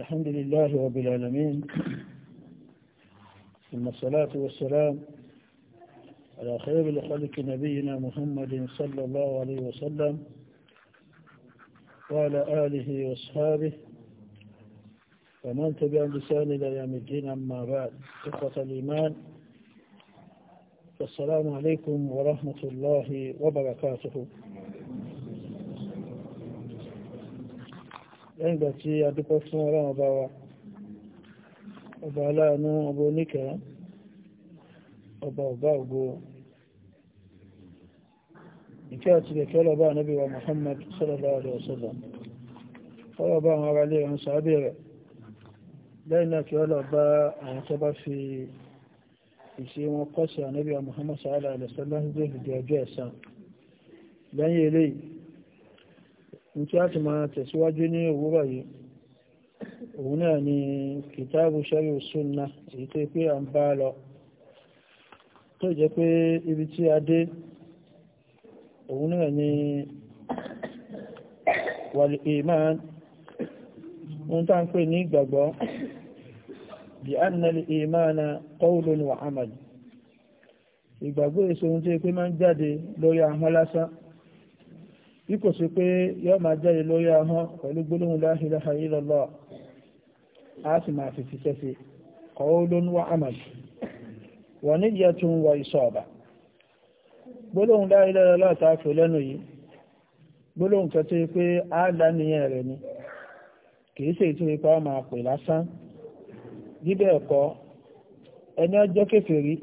الحمد لله رب العالمين ثم الصلاة والسلام على خير الخلق نبينا محمد صلى الله عليه وسلم وعلى آله وأصحابه ومن تبع لسان إلى يوم الدين أما بعد إخوة الإيمان فالسلام عليكم ورحمة الله وبركاته lẹ́yìn ìgbà tí a dúpẹ́ fún ọlọ́run ọba wa ọba aláàánú ọba oníkẹ̀ẹ́ ọba ọba ògo ìkẹ́ àti ìkẹ́ ọlọ́ba ànábì wa Muhammad sallallahu alaihi wasallam ọlọ́ba àwọn ará ilé ìrànṣà abẹ́rẹ̀ lẹ́yìn náà kí ọlọ́ba àwọn tó bá fi ìṣe wọn kọ́sì ànábì wa ní tí a ti máa tẹ̀síwájú ní òwúrọ̀ yìí òun náà ni kìtàbù sẹ́rí òsúnna èyí tó pé à ń bá lọ tó jẹ́ pé ibi tí a dé òun náà ni wàlì ìmáà ń tàn ní ìgbàgbọ́ bí annal ìmáàna qawlun wa amal ìgbàgbọ́ èso ohun tí pé máa ń jáde lórí ahọ́n lásán bí kò sí pé yóò máa jáde lórí ahọ́n pẹ̀lú gbólóhùn la ilaha illallah a sì máa fi fi sẹ́sẹ̀ qawlun wa amal wa niyyatun wa isaba gbólóhùn la ilaha illallah ta fi lẹ́nu yìí gbólóhùn kan tó pé a lánìyàn rẹ̀ ni kìí ṣe ìtúrí pa máa pè lásán bíbẹ̀ ẹ̀kọ́ ẹni ọjọ́ kèfèrí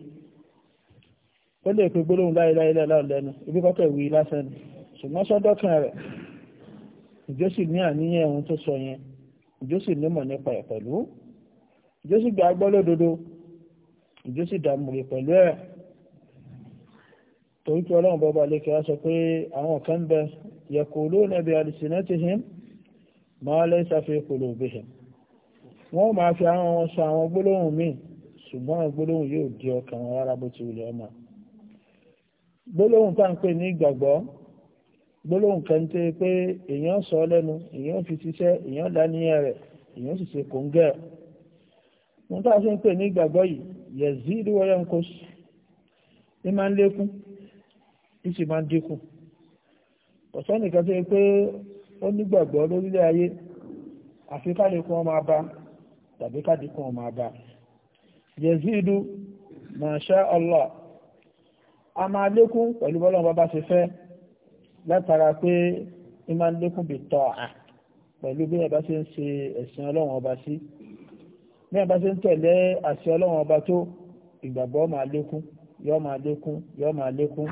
ó lè pe gbólóhùn la ilaha lẹ́nu ibi kọ́kẹ́ wí lásán ni ṣùgbọ́n sọ́dọ́kàn rẹ̀ ìjọ sì ní àníyàn ohun tó sọ yẹn ìjọ sì nímọ̀ nípa ẹ̀ pẹ̀lú ìjọ sì gbà gbọ́ lódodo ìjọ sì dààmú rẹ̀ pẹ̀lú ẹ̀ torí pé ọlọ́run bọ́ba lè kíra sọ pé àwọn kan bẹ yaquluna bi alsinatihim ma laysa fi qulubihim wọ́n máa fi àwọn wọn sọ àwọn gbólóhùn míì ṣùgbọ́n àwọn gbólóhùn yóò di ọkàn wọn rárá bó ti wulẹ̀ ọmọ gbólóhùn tá à ń pè ní ìgbàgbọ́ gbólóhùn kan tó pé èèyàn sọ lẹ́nu èèyàn fi ṣiṣẹ́ èèyàn dánìyàn rẹ̀ èèyàn sì ṣe kòńgẹ́ wọn tá a ṣe ń pè ní ìgbàgbọ́ yìí yazidu wa yanqus ní máa ń lékún ní sì máa ń dínkù ọ̀sán nìkan tó pé ó nígbàgbọ́ lórílẹ̀ ayé àfi kádìkún ọmọ abá tàbí kádìkún ọmọ abá yazidu masha Allah a máa lékún pẹ̀lú bọ́lọ́mọba bá ṣe fẹ́ látara pé ní máa ń lékún bí tọ́ à pẹ̀lú bí ẹ̀bá ṣe ń ṣe ẹ̀sìn ọlọ́run ọba sí bí ẹ̀bá ṣe ń tẹ̀lé àṣẹ ọlọ́run ọba tó ìgbàgbọ́ máa lékún yọ́ máa lékún yọ́ máa lékún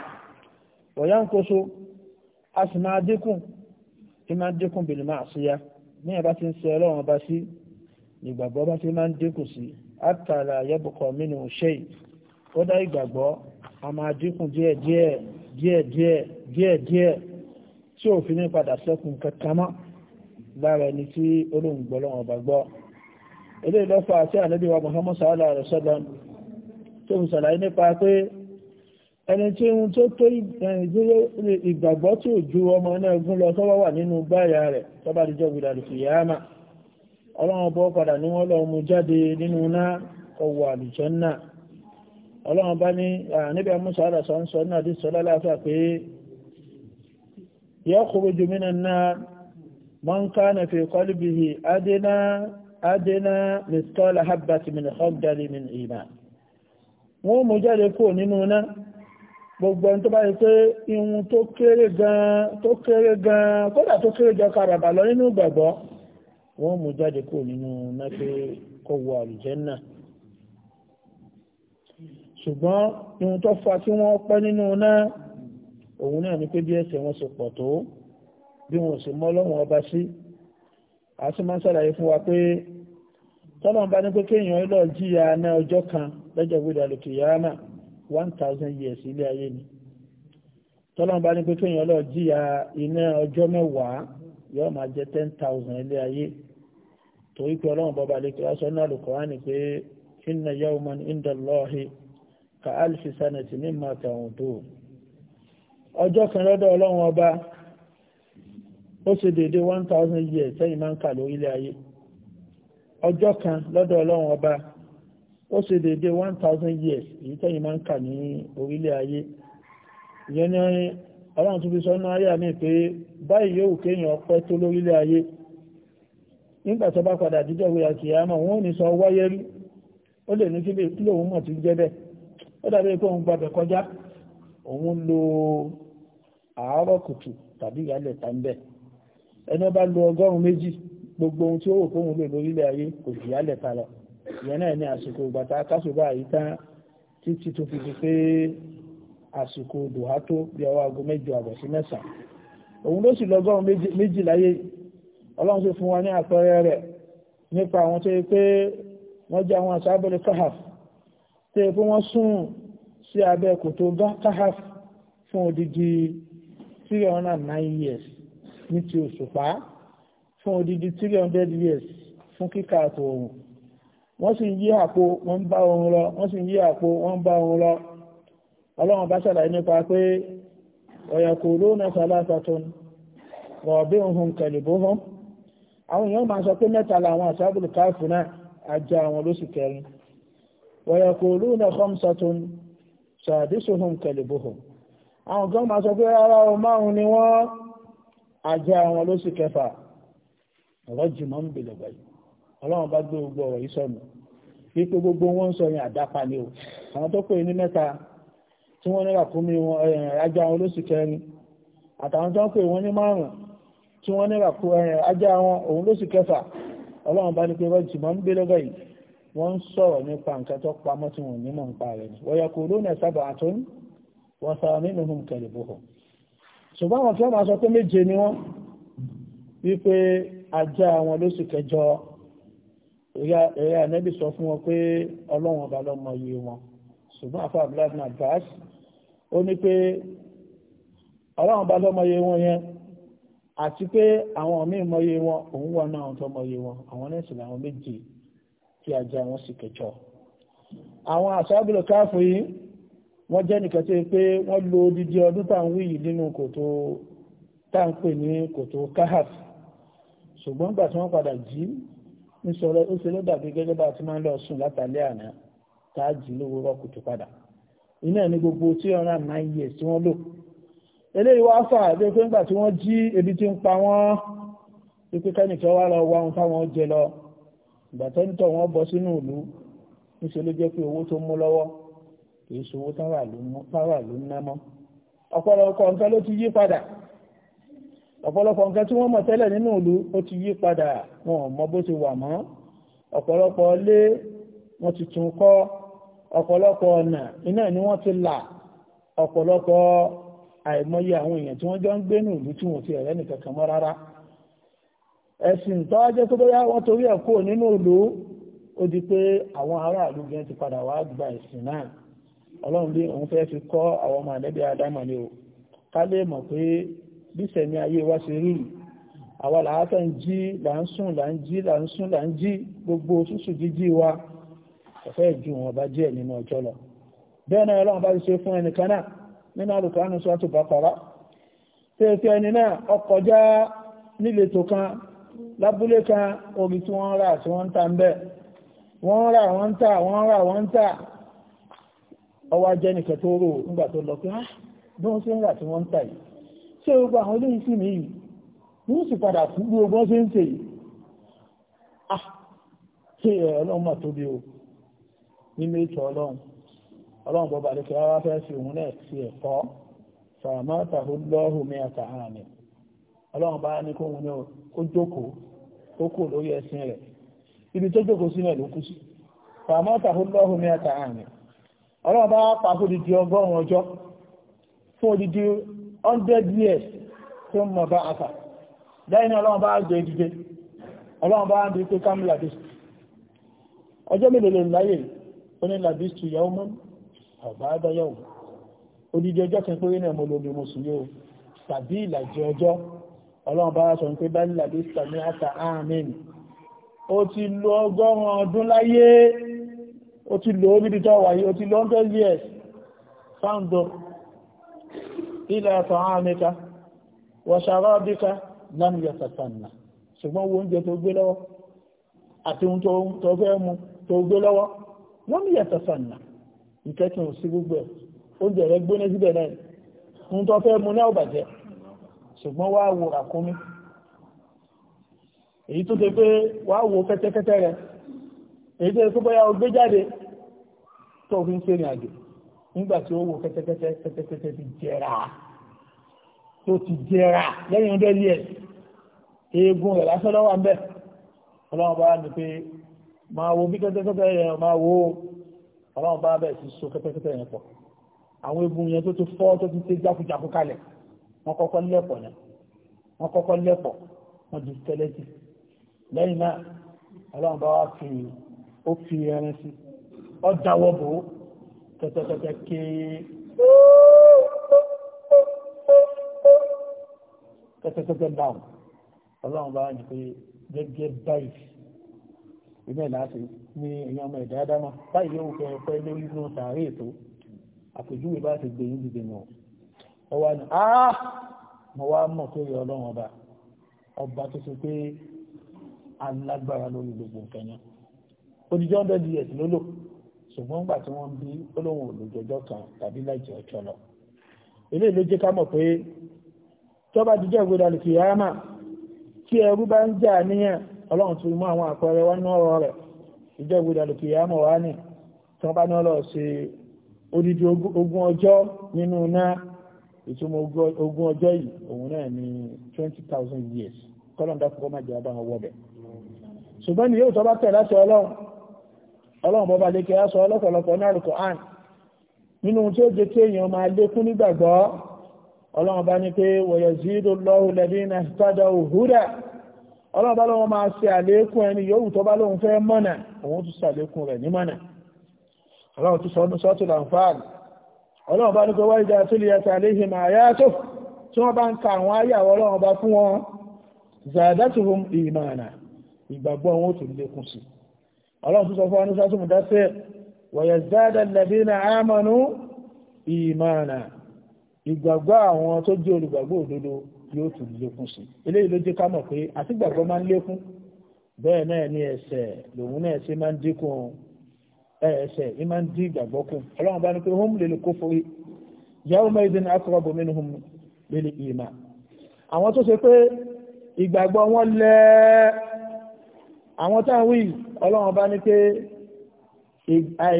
ọ̀yá ń kóso a sì máa dínkù tí máa dínkù bìlì máa sí ya ní ẹ̀bá ti ń ṣe ọlọ́run ọba sí ìgbàgbọ́ bá ti máa ń dínkù sí àtàlà yẹ́bùkọ̀ mínú ṣe kódà ìgbàgbọ́ a máa dínkù díẹ̀ díẹ̀ díẹ̀ díẹ̀ díẹ̀díẹ̀ tí ò fi ní padà sẹ́kùn kankan mọ́ lára ẹni tí olóǹgbọ́ lọ́wọ́ bá gbọ́ eléyìí ló fà àti ànábì wa Muhammad sallallahu alaihi wasallam tó ń sàlàyé nípa pé ẹni tí ohun tó tó ìgbàgbọ́ tí ò ju ọmọ náà gún lọ tó wà nínú báyà rẹ̀ tó bá dijọ́ gbìdàlù ọlọ́run bọ́ يخرج من النار من كان في قلبه أدنى أدنى مثقال حبة من خردل من إيمان wọ́n mú jáde kúrò nínú iná gbogbo ẹni tó bá yẹ pé ihun tó kéré gan-an tó kéré gan-an kódà tó kéré jọ karàbà lọ nínú gbàgbọ́ wọ́n mú jáde kúrò nínú iná pé kó wọ àlùjánnà ṣùgbọ́n ihun tó fa kí wọ́n pẹ́ nínú iná òun náà ni pé bí ẹ̀ṣẹ̀ wọn ṣe pọ̀ tó bí wọn sì mọ́ lọ́wọ́n ọba sí a sì máa ń sàlàyé fún wa pé tọ́lọ́n bá ní pé kéèyàn lọ jíya ná ọjọ́ kan lọ́jọ́ ìwédà lòkè yàrá náà one thousand years ilé ayé ni tọ́lọ́n bá ní pé kéèyàn lọ jíya iná ọjọ́ mẹ́wàá yóò máa jẹ́ ten thousand ilé ayé torí pé ọlọ́run bọ́ba lẹ́kẹ́ wá sọ ní Al-Qur'ani pé inna yawman inda Allahi ka alfi sanati mimma ta'udun ọjọ́ kan lọ́dọ̀ ọlọ́run ọba ó se dédé one years sẹ́yìn máa ń kà lórílẹ̀ ayé ọjọ́ kan lọ́dọ̀ ọlọ́run ọba ó ṣe dédé years èyí sẹ́yìn máa ń kà ní orílẹ̀ ayé ìyẹn ni ọlọ́run tún fi sọ ayé àmì pé báyìí yóò kéèyàn ọpẹ́ tó lórílẹ̀ ayé nígbà tó bá padà dídọ̀ wíyà kì í àmọ́ ò ní sọ wáyé rí ó lè òun lo àárọ̀ kùtù tàbí ìyálẹ̀ ta ń bẹ̀ ẹni ọba lo ọgọ́rùn méjì gbogbo ohun tí ó wò fóun lè lórílẹ̀ ayé kò jù ìyálẹ̀ ta lọ ìyẹn náà ní àsìkò ìgbàta kásùbà yìí tán títí tó fi di pé àsìkò dùhá tó bí ọwọ́ aago mẹ́jọ àbọ̀ sí mẹ́sàn-án òun ló sì lọ́gọ́rùn méjì láyé ọlọ́run sì fún wa ní àpẹẹrẹ rẹ̀ nípa àwọn tó yẹ pé wọ́n jẹ́ àwọn àṣà abọ́lé káhàf tó yẹ pé wọ́n sùn sí abẹ́ kòtò gákàhàf fún odidi 309 years ní ti òṣùpá fún odidi 300 years fún kíkà àtò òun wọ́n sì ń yí àpò wọ́n ń bá òun lọ wọ́n sì ń yí àpò wọ́n ń bá òun lọ ọlọ́run bá ṣàlàyé nípa pé ọ̀yàkò lónà sàlásàtún rọ̀bí ohun kẹlìbó hàn àwọn èèyàn máa sọ pé mẹ́ta làwọn àṣàbùlù káàfù náà ajá àwọn lóṣù kẹrin ọ̀yàkò lónà khamsatun sàdísùhùn kẹlẹ̀bùhùn àwọn kan máa sọ pé ara o márùn ni wọ́n ajá wọn ló sì kẹfà rọ́jì mọ́ ń bèèrè báyìí ọlọ́run bá gbé gbogbo ọ̀rọ̀ yìí sọnù wípé gbogbo wọn ń sọ yẹn àdápa ni o àwọn tó pè ní mẹ́ta tí wọ́n ní ràkúnmí wọn ajá wọn ló kẹrin àtàwọn tó pè wọn ní márùn tí wọ́n ní ràkú ajá wọn òun ló kẹfà ọlọ́run bá ní pé rọ́jì mọ́ ń bèèrè báyìí wọ́n ń sọ̀rọ̀ nípa nǹkan tó pamọ́ tí wọ́n nímọ̀ ń pa rẹ̀ ni wọ́n yẹ kó lónà sábà tó ń wọ́n sọ nínú ohun kẹlẹ̀ bó ṣùgbọ́n àwọn tí máa sọ pé méje ni wọ́n wípé ajá wọn lóṣù kẹjọ eré ànẹ́bì sọ fún wọn pé ọlọ́run ọba lọ́mọ iye wọn ṣùgbọ́n àfa abdullahi abbas ó ní pé ọlọ́run ọba lọ́mọ iye wọn yẹn àti pé àwọn míì mọ iye wọn òun wọ náà tó mọ iye wọn àwọn nẹ́sìn làwọn méje tí ajá wọn sì kẹjọ àwọn àṣàbùlù káàfù yìí wọ́n jẹ́ nìkan tí pé wọ́n lo odidi ọdún tá à ń wí yìí nínú kòtò tá à ń pè ní kòtò káhàf ṣùgbọ́n gbà tí wọ́n padà jí ń sọ̀rọ̀ ó ṣe ló dàbí gẹ́gẹ́ bá ti máa ń lọ sùn látàlẹ́ àná tá a jí lówó kùtù padà iná ní gbogbo tí ọ̀rá nine years tí wọ́n lò eléyìí wá fà bí pé ńgbà tí wọ́n jí ebi tí ń pa wọ́n pípẹ́ kẹ́nìkan wá lọ wá ohun táwọn jẹ lọ ìgbà tó ń tọ̀ wọ́n bọ́ sínú ìlú níṣẹ́ ló jẹ́ pé owó tó mú lọ́wọ́ kì í ṣòwò táwà ló ń ná mọ́ ọ̀pọ̀lọpọ̀ nǹkan ló ti yí padà ọ̀pọ̀lọpọ̀ nǹkan tí wọ́n mọ̀ tẹ́lẹ̀ nínú ìlú ó ti yí padà wọn ò mọ bó ti wà mọ́ ọ̀pọ̀lọpọ̀ ilé wọn ti tún kọ́ ọ̀pọ̀lọpọ̀ ọ̀nà iná ni wọ́n ti là ọ̀pọ̀lọpọ̀ àìmọye àwọn èèyàn tí wọ́n jọ ń gbénú ìlú tí wọ́n ti ẹ̀rẹ́ nìkan kan mọ́ rárá ẹ̀sìn tó jẹ́ tó bóyá wọ́n torí ẹ̀ kúrò nínú ìlú ó di pé àwọn ti padà wá gba ẹ̀sìn náà ọlọ́run bí òun fi kọ́ àwọn ọmọ ni o ká lè mọ̀ pé bí sẹ̀mí ayé wa ṣe rí àwa làákà ń jí gbogbo súsù jíjí wa ọ̀fẹ́ ju wọn bá díẹ̀ nínú ọjọ́ lọ bẹ́ẹ̀ náà ọlọ́run bá ti ṣe fún náà nínú àlùkò lábúlé kan omi tí wọ́n rà tí wọ́n ń ta ń bẹ̀ wọ́n rà wọ́n ń tà wọ́n rà wọ́n ń tà ọwọ́ ajẹ́ nìkan tó rò nígbà tó lọ pé á ah, bí wọ́n ṣe ń rà tí wọ́n ń tà yìí ṣé gbogbo àwọn eléyìí sì nìyí ní ó sì padà fún bí ogbọ́n ṣe ń ṣe yìí ah ṣé ọlọ́mọ tóbi o nínú ètò ọlọ́run ọlọ́run bọ́ba lókè rárá fẹ́ fi òun náà sí ẹ̀kọ́ fàmátàhó lọ́hùn mẹ́ta ọlọ́run bá ní kóhun náà ó jókòó ó kò lórí ẹ̀sìn rẹ̀ ibi tó jókòó sí náà ló kú sí fàmọ́ tàhúlọ́hùn ní ẹ̀ta àmì ọlọ́run bá pàkó di di ọgọ́rùn-ún ọjọ́ fún odidi hundred years tó ń mọ̀ bá àfà lẹ́yìn ọlọ́run bá gbé e dìde ọlọ́run bá ń bí pé kámi làbísù ọjọ́ mélòó lè láyè ó ní làbísù yàwó mọ́ ọ̀bá adáyàwó odidi ọjọ́ kan péré náà mo lò ní mo sùn yóò tàbí ìlàjì ọjọ́ ọlọ́run bá sọ pé bá nílàdí sàmì àtà àmín ó ti lo ọgọ́rùn ọdún láyé ó ti lo omi títọ́ wáyé ó ti lo 100 years fáńdọ̀ ilẹ̀ ẹ̀tọ̀ àmìka wọ̀ṣàrọ̀ bíka lámìyà sàtànà ṣùgbọ́n wo oúnjẹ tó gbé lọ́wọ́ àti ohun tó fẹ́ mu tó gbé lọ́wọ́ lámìyà sàtànà ìkẹ́kùn sí gbogbo ẹ̀ oúnjẹ rẹ̀ gbóná síbẹ̀ náà ohun tó fẹ́ mu náà bàjẹ́ ṣùgbọ́n wá wo ràkúnmí èyí tó ṣe pé wá wo kẹ́tẹ́kẹ́tẹ́ rẹ èyí tó ṣe pé bóyá o gbé jáde tó fi ń ṣe ìrìn àjò nígbà ó wo kẹ́tẹ́kẹ́tẹ́ kẹ́tẹ́kẹ́tẹ́ ti jẹrà tó ti jẹrà lẹ́yìn ọdẹ yẹ eegun rẹ̀ lásán lọ́wọ́ ń ọlọ́run bá ní pé máa wo bí kẹ́tẹ́kẹ́tẹ́ yẹn máa wo ọlọ́run bá bẹ̀ sí so kẹ́tẹ́kẹ́tẹ́ yẹn pọ̀ àwọn eegun yẹn tó ti fọ́ tó ti ṣe jákujáku kalẹ̀ wọ́n kọ́kọ́ lẹ́pọ̀ náà wọ́n kọ́kọ́ lẹ́pọ̀ wọ́n di skeleton lẹ́yìn náà ọlọ́run bá wá fi ó fi ẹrin sí ọ dáwọ́ bò ó tẹ́tẹ́tẹ́tẹ́ kéé tẹ́tẹ́tẹ́tẹ́ dáhùn ọlọ́run bá ní pé gẹ́gẹ́ báyìí ilé láti ní èèyàn ọmọ ẹ̀dá dámọ́ báyìí yóò fẹ́ pẹ́ lórí inú sàárè tó àpèjúwe bá ti gbé yín dìde náà ọwọ́ ni ah mo wá mọ̀ tó yẹ ọlọ́run ọba ọba tó ṣe pé alágbára lórí gbogbo nǹkan yẹn odidi hundred years ló lò ṣùgbọ́n nígbà tí wọ́n ń bí olóhùn olùjọjọ́ kan tàbí láìjẹ́ ọjọ́ lọ eléyìí ló jẹ́ ká mọ̀ pé tọ́ba jíjẹ́ ìgbéra lè fi yára mà tí ẹrú bá ń jà níyàn ọlọ́run ti mú àwọn àpẹẹrẹ wọn náà rọ rẹ̀ ìjọ ìgbéra lè fi yára mọ̀ wá ní tí wọ́n bá ní ọlọ́ ṣe odidi ogún ọjọ́ nínú náà ìtumọ̀ ogún ọjọ́ yìí òun náà ni twenty thousand years kọ́lọ̀ ń dákúkọ́ máa jẹ́ ọba ọwọ́ bẹ̀. ṣùgbọ́n ni yóò tọ́ba tẹ̀ láti ọlọ́run ọlọ́run bọ́ba lékè á sọ ọlọ́pọ̀lọpọ̀ náà rúkọ àn nínú ohun tí ó jẹ́ kí èèyàn máa lékún nígbàgbọ́ ọlọ́run bá ní pé wọ̀yọ̀ zídó lọ́wọ́ lẹ́bí iná tọ́jà òhúdà ọlọ́run bá lọ́wọ́ máa ṣe àlékún ẹni yòówù tó bá lóun fẹ́ mọ̀nà òun tún ṣàlékún rẹ̀ ní mọ̀nà ọlọ́run tún sọ ọ́nù sọ́tù làǹfààní ọlọ́run bá ní kó wáyé dáa tó lè yàtọ̀ àléhìn àyà tó tí wọ́n bá ń ka àwọn ayé àwọn ọlọ́run bá fún wọn zàdátùhùn ìmànà ìgbàgbọ́ wọn ó tún lékún sí ọlọ́run tó sọ fún wọn sátúmù dáṣẹ́ wọ̀yẹ̀ zádà lẹ́bínà ámànú ìmànà ìgbàgbọ́ àwọn tó jẹ́ olùgbàgbọ́ òdodo yóò tún lékún sí eléyìí ló jẹ́ ká mọ̀ pé àti máa ń lékún bẹ́ẹ̀ náà ní ẹsẹ̀ lòun náà ṣe máa ń dínkù ẹ̀ẹ̀ṣẹ̀ ìmá ń dín ìgbàgbọ́ kù ọlọ́run bá ní pé hum lil kufri yawma idhin aqrabu minhum lil iman àwọn tó ṣe pé ìgbàgbọ́ wọn lẹ́ àwọn táwí ọlọ́run bá ní pé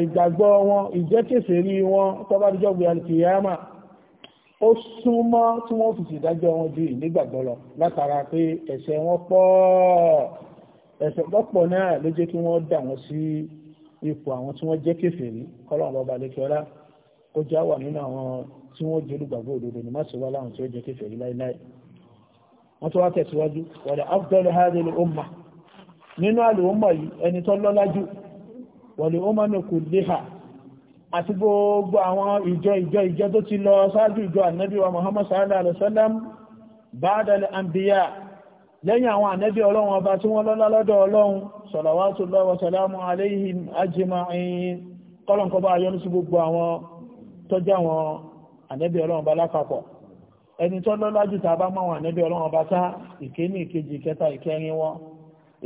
ìgbàgbọ́ wọn ìjẹ́kèsèrí wọn tọ́bá díjọ́ gbé alìkìyàmà ó súnmọ́ tí wọ́n fi ìdájọ́ wọn ju ìnígbàgbọ́ lọ látara pé ẹ̀ṣẹ̀ wọn pọ̀ ẹ̀ṣẹ̀ pọ̀ náà ló jẹ́ kí wọ́n dà wọ́n sí ipò àwọn tí wọ́n jẹ́ kèfèrí kọ́lọ́run ọba lẹ́kẹ́ọ́lá kó já wà nínú àwọn tí wọ́n jẹ́ olùgbàgbọ́ òdodo ní má sì wá láwọn tí ó jẹ́ kèfèrí láíláí wọ́n tó wá tẹ̀síwájú wọ̀dà afdal hadhihi al-umma nínú al-umma yìí ẹni tó lọ́lá jù wọ̀lẹ̀ umma kulliha àti gbogbo àwọn ìjọ ìjọ ìjọ tó ti lọ ṣáájú ìjọ ànábì wa muhammad sallallahu alaihi wasallam ba'da al-anbiya lẹ́yìn àwọn ànẹ́bí ọlọ́run ọba tí wọ́n lọ́lá lọ́dọ̀ ọlọ́run salawatullahi wa salamu alayhim ajma'in kọ́lọ̀nkọba ayọ́nú sí gbogbo àwọn tọ́já àwọn ànẹ́bí ọlọ́run ọba lápapọ̀ ẹni tó lọ́lá jù tàbá máwọn ànẹ́bí ọlọ́run ọba tá ìkéní ìkejì ìkẹta ìkẹrin wọn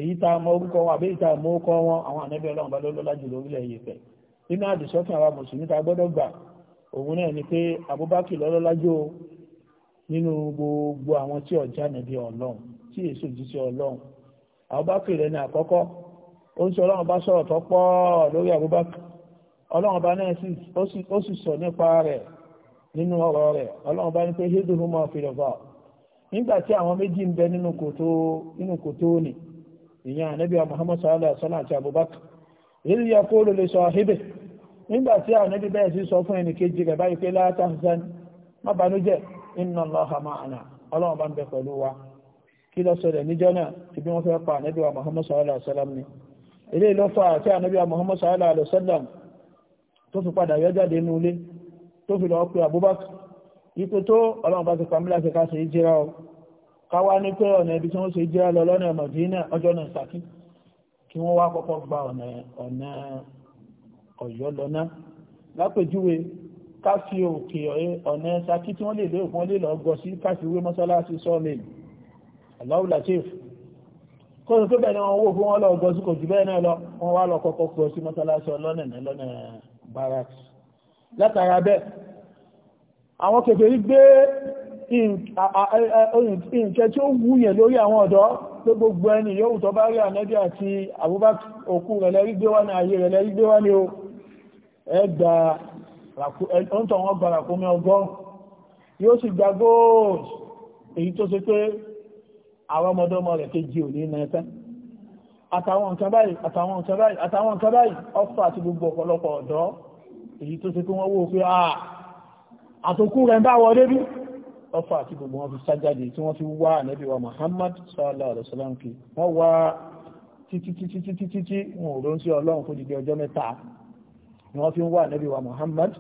èyí tá mọ orúkọ wọn àbí ìta mọ orúkọ wọn àwọn ànẹ́bí ọlọ́run ọba lọ́lá jù lórílẹ̀ yìí pẹ̀ nínú àdìsọ́kàn àwa mùsùlùmí ta gbọ́dọ̀ gbà òun náà ni pé Abubakar lọ́lọ́lá jù nínú gbogbo àwọn tí ọ̀já ànẹ́bí ọlọ́run tí èso òjíṣẹ́ ọlọ́run Abubakar ẹni àkọ́kọ́ ó ń sọ ọlọ́run bá sọ̀rọ̀ tó pọ̀ lórí ọlọ́run bá náà ó sì sọ nípa rẹ̀ nínú ọ̀rọ̀ rẹ̀ ọlọ́run bá ní pé ló fi nígbà tí àwọn méjì ń bẹ nínú nínú ìyẹn Muhammad sallallahu àti Abubakar èyí yẹ kó ló lè sọ nígbà tí àwọn ẹbí bẹ́ẹ̀ sọ fún ẹnì kejì rẹ̀ báyìí pé má banújẹ́ kí lọ sọ̀rọ̀ níjọ́ náà tí bí wọ́n fẹ́ pa ànábì wa Muhammad sallallahu ni ilé ìlọ́fà àti ànábì wa Muhammad sallallahu alaihi wasallam tó fi padà yọ jáde inú ilé tó fi lọ pe Abubakar ipò tó ọlọ́run bá ti pàmílà kẹta ṣe jíra ọ káwá ní pé ọ̀nà ibi tí wọ́n ṣe jíra lọ lọ́nà Mádínà ọjọ́ náà sàkí kí wọ́n wá kọ́kọ́ gba ọ̀nà Ọ̀yọ́ lọ́nà lápèjúwe ká fi òkè ọ̀nà sàkí tí wọ́n lè lé òkun lè lọ gọ sí káfíwé mọ́sálásí sọ́ọ̀lẹ́yìn Allahu Latif kó o tó bẹ́ẹ̀ ni wọ́n wó fún wọn lọ gọ́ sí kò jù bẹ́ẹ̀ náà lọ wọ́n wá lọ kọ́kọ́ kú ọ sí mọ́sálásí ọlọ́nà ní lọ́nà barak látara bẹ́ẹ̀ àwọn kèfèrí gbé nǹkẹ́ tí ó wú yẹn lórí àwọn ọ̀dọ́ pé gbogbo ẹni yóò tọ́ bá rí ànẹ́bí àti Abubakar òkú rẹ̀ lẹ́rí gbé wá ní ayé rẹ̀ lẹ́rí gbé wá ní o ẹgbà ọ̀ntọ̀ wọn gbàràkúnmí ọgọ́ yóò sì gbà góòlù èyí tó ṣe pé àwọn ọmọdọ́mọ rẹ̀ kejì ò ní na ẹ̀tẹ́ àtàwọn nǹkan báyìí àtàwọn nǹkan báyìí àtàwọn nǹkan báyìí ọ̀fà àti gbogbo ọ̀pọ̀lọpọ̀ ọ̀dọ́ èyí tó ti kí wọ́n wó pé ah, àtòkú rẹ̀ bá wọlé bí ọ̀fà àti gbogbo wọn fi sájáde tí wọ́n fi wá ànábì wa Muhammad sallallahu alaihi wasallam kí wọ́n wá títí títí títí títí wọn ò rọ́n sí ọlọ́run fún ìdí ọjọ́ mẹ́ta ni wọ́n fi ń wá wa Muhammad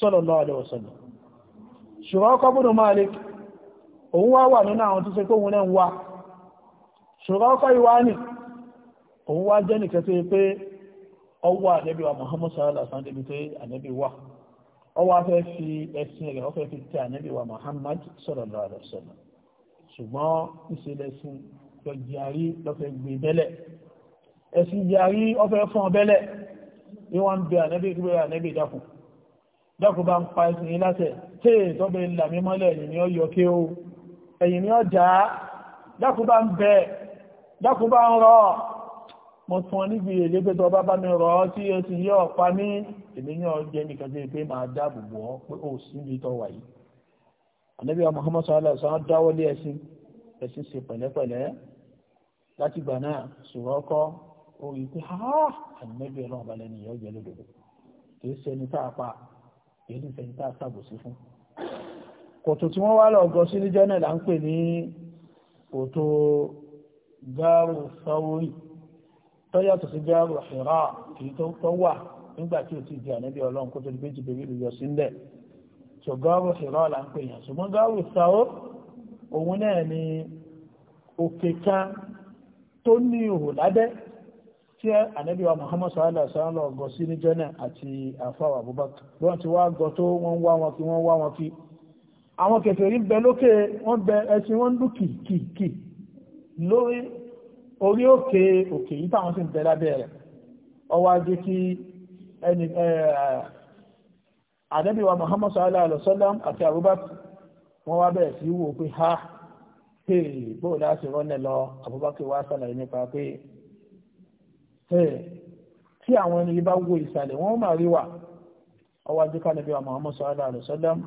sallallahu alaihi wasallam ṣùgbọ́n ọkọ̀ gbọ́dọ̀ Malik òun wá wà nínú àwọn tó ṣe pé òun náà ń wá ṣùgbọ́n ọkọ̀ ìwá nì òun wá jẹ́ nìkan tó yẹ pé ọwọ́ ànẹ́bí wa Muhammad sallallahu alaihi wa sallam pé ànẹ́bí wà ọwọ́ afẹ́ fi ẹ̀sìn rẹ̀ ọfẹ́ fi tẹ ànẹ́bí wa Muhammad sallallahu alaihi wa sallam ṣùgbọ́n ìṣẹ̀lẹ̀ sí lọ jàrí lọ́fẹ́ bá ń pa ẹ̀sìn yìí láṣẹ tẹ́ẹ̀ tọ́bẹ̀ ni ó yọ kí ó ẹ̀yìn ní ọjà dákúbá ń bẹ̀ dákúbá ń rọ̀ mo tún ọ níbi èlé bá bá mi rọ̀ ọ́ tí o sì yọ ọ̀pá ní èmi ní ọjẹ́ nìkan sí pé máa dáàbò bò pé ó sì ní tọ́wà yìí ànábì Muhammad sallallahu alaihi wasallam dáwọ́ lé ẹ̀sìn ẹ̀sìn ṣe pẹ̀lẹ́pẹ̀lẹ́ láti gbà náà ṣùgbọ́n ọkọ́ orí pé ha ànábì ọlọ́run balẹ̀ ní ìyọ́ jẹ́ lódodo kì í ṣe ẹni tá a pa èyí ní kòtò tí wọ́n wá lọ gọ sí níjọ́ náà là ń pè ní kòtò gáàrù sáwórì tó yàtọ̀ sí gáàrù àṣírà èyí tó wà nígbà tí ò ti di ànábì ọlọ́run kó tó di méjì bèbí lè yọ sí ń bẹ̀ tó gáàrù àṣírà là ń pè yàn ṣùgbọ́n gáàrù sáwó òun náà ni òkè kan tó ní òhò lábẹ́ tí ànábì wa Muhammad sallallahu alaihi wasallam lọ gọ sí níjọ́ náà àti àfáwà Abubakar bí wọ́n ti wá gọ tó wọ́n wá wọn kí wọ́n wá wọn kí àwọn kèfèrí ń bẹ lókè wọ́n bẹ ẹṣin wọ́n ń lù kìkìkì lórí orí òkè òkè yìí táwọn sì ń bẹ lábẹ́ rẹ̀ ọwọ́ ajé kí ẹni àdẹ́bíwa Muhammad sallallahu alaihi wasallam àti Abubakar wọ́n wá bẹ̀rẹ̀ sí wò pé ha hey bóò láti rọ́nẹ̀ lọ Abubakar wá sàlàyé nípa pé hey tí àwọn ẹni bá wo ìsàlẹ̀ wọ́n máa rí wà ọwọ́ ajé kánẹ́bíwa Muhammad sallallahu alaihi wasallam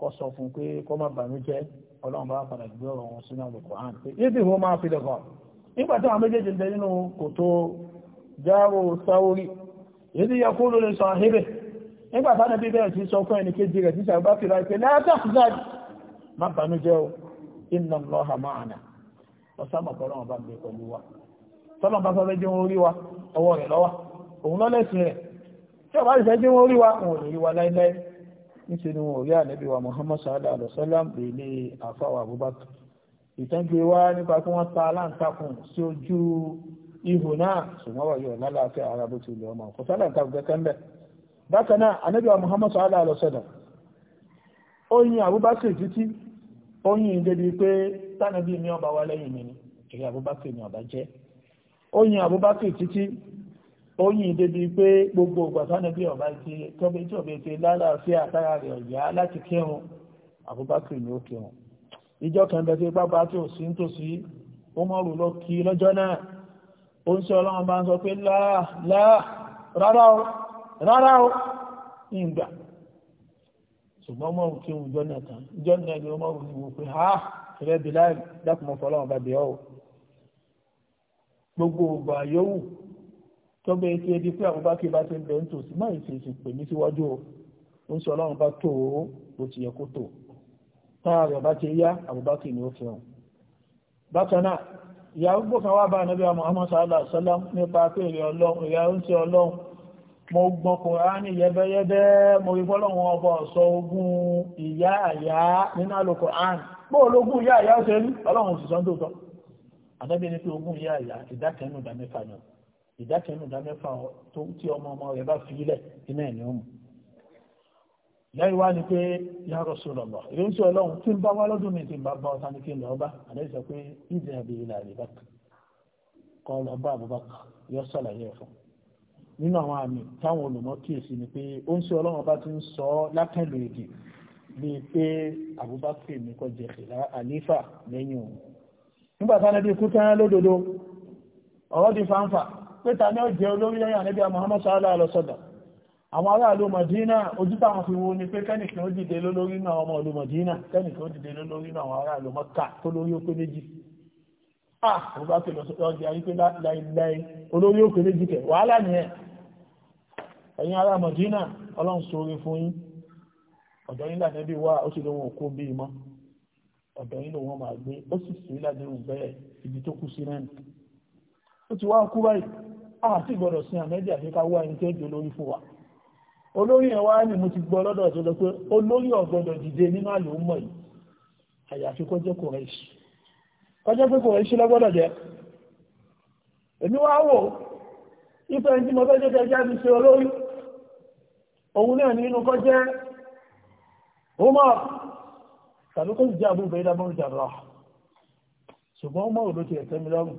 kó sọ fún pé kó má bànújẹ́ ọlọ́run bá padà gbé ọ̀rọ̀ wọn sínú àlùkò hàn pé ibi ìwọ máa fi lẹ̀kọ̀ nígbà tí àwọn méjèèjì ń bẹ nínú kòtò járo sáwórí èyí yẹ kó ló lè sọ àhébẹ̀ nígbà tí àwọn bíbẹ̀ ti sọ fún ẹnì kejì rẹ̀ títà bá fi ra ìpè látàkùnjáde má bànújẹ́ o inna Allaha ma'ana ọ̀sámọ̀ pẹ̀lú ọ̀bá gbé pẹ̀lú wa tọ́lọ̀ bá fẹ́ jẹ́ wọn orí wa ọwọ́ rẹ̀ lọ́wọ́ òun lọ́lẹ́sìn rẹ̀ tí ọ̀bá ìfẹ́ jẹ́ wọn orí wa òun ò lè rí wa láíláí níṣẹ́ ni wọn ò rí wa muhammad sallallahu alayhi wa sallam èlé àfàwà abubakar ìtàngbé wa nípa kí wọ́n ta aláǹtakùn sí ojú ihò náà ṣùgbọ́n wà yóò lálàáfíà ara bó ti lè ọmọ kò sálàǹtakùn kẹ́kẹ́ ń bẹ̀ bákan náà ànábì wa muhammad sallallahu alayhi wa sallam ó yin abubakar títí ó yin débi pé tánàbí mi ọba wa lẹ́yìn mi ni èyí abubakar ni ọba jẹ́ ó abubakar títí ó yìn débi pé gbogbo ògbàsánà bí ọba ti tọ́bí tí ọ̀bẹ ti lára sí àtàrà rẹ̀ ọ̀yá láti kírun Abubakar ni ó kírun ìjọ kan bẹ tí pápá tí ò sí ń tòsí ó mọ̀rù lọ kí lọ́jọ́ náà ó ń sọ ọlọ́run bá ń sọ pé láà láà rárá o rárá o ní ìgbà ṣùgbọ́n mọ̀rù kí òun ìjọ náà tán ìjọ náà ni ó mọ̀rù ni mo pé ha ìrẹ́bìláì dákùnmọ́ fọlọ́run bá bẹ̀ ọ́ gbogbo ògbà yòówù tọ́gbẹ́ ti ẹdi pé Abubakar bá ti ń bẹ̀ ń tòsí má yìí ṣèṣì pè mí síwájú o ó ń sọ ọlọ́run bá tó o ó ti yẹ kó tó tára rẹ̀ bá ti yá Abubakar ni ó fi hàn. bákan náà ìyàwó gbọ́kan wá bá anabi Muhammad sallallahu alaihi wa sallam nípa pé ìyàwó ń ṣe ọlọ́run mo gbọ́ Kùránì yẹ́bẹ́yẹ́bẹ́ mo rí fọ́lọ́run ọba ọ̀sọ́ ogún ìyá àyá nínú Al-Kùránì bó ológun ìyá àyá ó ṣe rí ọlọ́run òṣìṣẹ́ ń tòótọ́ àtẹ́bí ní pé ogún ìyá àyá ìdá kẹ́nu ìdá mẹ́fà náà ìdákẹ́nu ìdá mẹ́fà tó tí ọmọ ọmọ rẹ̀ bá fi ilẹ̀ iná ẹ̀ ní ó mú lẹ́yìn wá ni pé ya Rasulullah èyí tí ọlọ́run tí ń bá wá lọ́dún mi ti ń bá bá ọta ní kí n lọ bá àlẹ́ sọ pé ìdí àbí ilẹ̀ àbí kọ́ lọ bá Abubakar yọ sàlàyé ẹ̀ fún nínú àwọn àmì táwọn olùmọ̀ kíyèsí ni pé ó ń sí ọlọ́run bá ti ń sọ lákẹ́lù èdè bíi pé Abubakar mi kọ́ jẹ ìlà àlífà lẹ́yìn òun nígbà táwọn ẹbí kú tán lódodo ọ̀rọ̀ di fáńfà pẹ́ta ní ó jẹ́ olórí lẹ́yìn àníbí Muhammad sallallahu alaihi àwọn aráàlú Madina ojúta àwọn fi wo ni pé kẹ́nìkan ó dìde lólórí náà ọmọ ìlú Madina ó dìde lólórí náà àwọn aráàlú Mọ́kà tó lórí ó ọba láìláì olórí ó pé méjì wàhálà nìyẹn ẹ̀yin ará ọlọ́run sóore fún yín yín wá ó sì lóun òkú bí mọ́ yín lòun máa gbé ó sì sí ó ti wá kú báyìí a sì gbọ́dọ̀ sí àmẹ́jì àfi wá ẹni tí olórí fún wa olórí ẹ̀wá ni mo ti gbọ́ lọ́dọ̀ tó lọ pé olórí ọ̀gbọ́dọ̀ dìde nínú àlò ń mọ̀ yìí àyàfi kọjọ́ kò rẹ̀ ṣe kọjọ́ pé ife ẹni tí mo fẹ́ jẹ́ ṣe olórí òun náà ní inú kọjẹ́ ọmọ tàbí kó sì jẹ́ àbúrò bẹ́ẹ̀ ṣùgbọ́n ọmọ ti ẹ̀tẹ́ mi lọ́rùn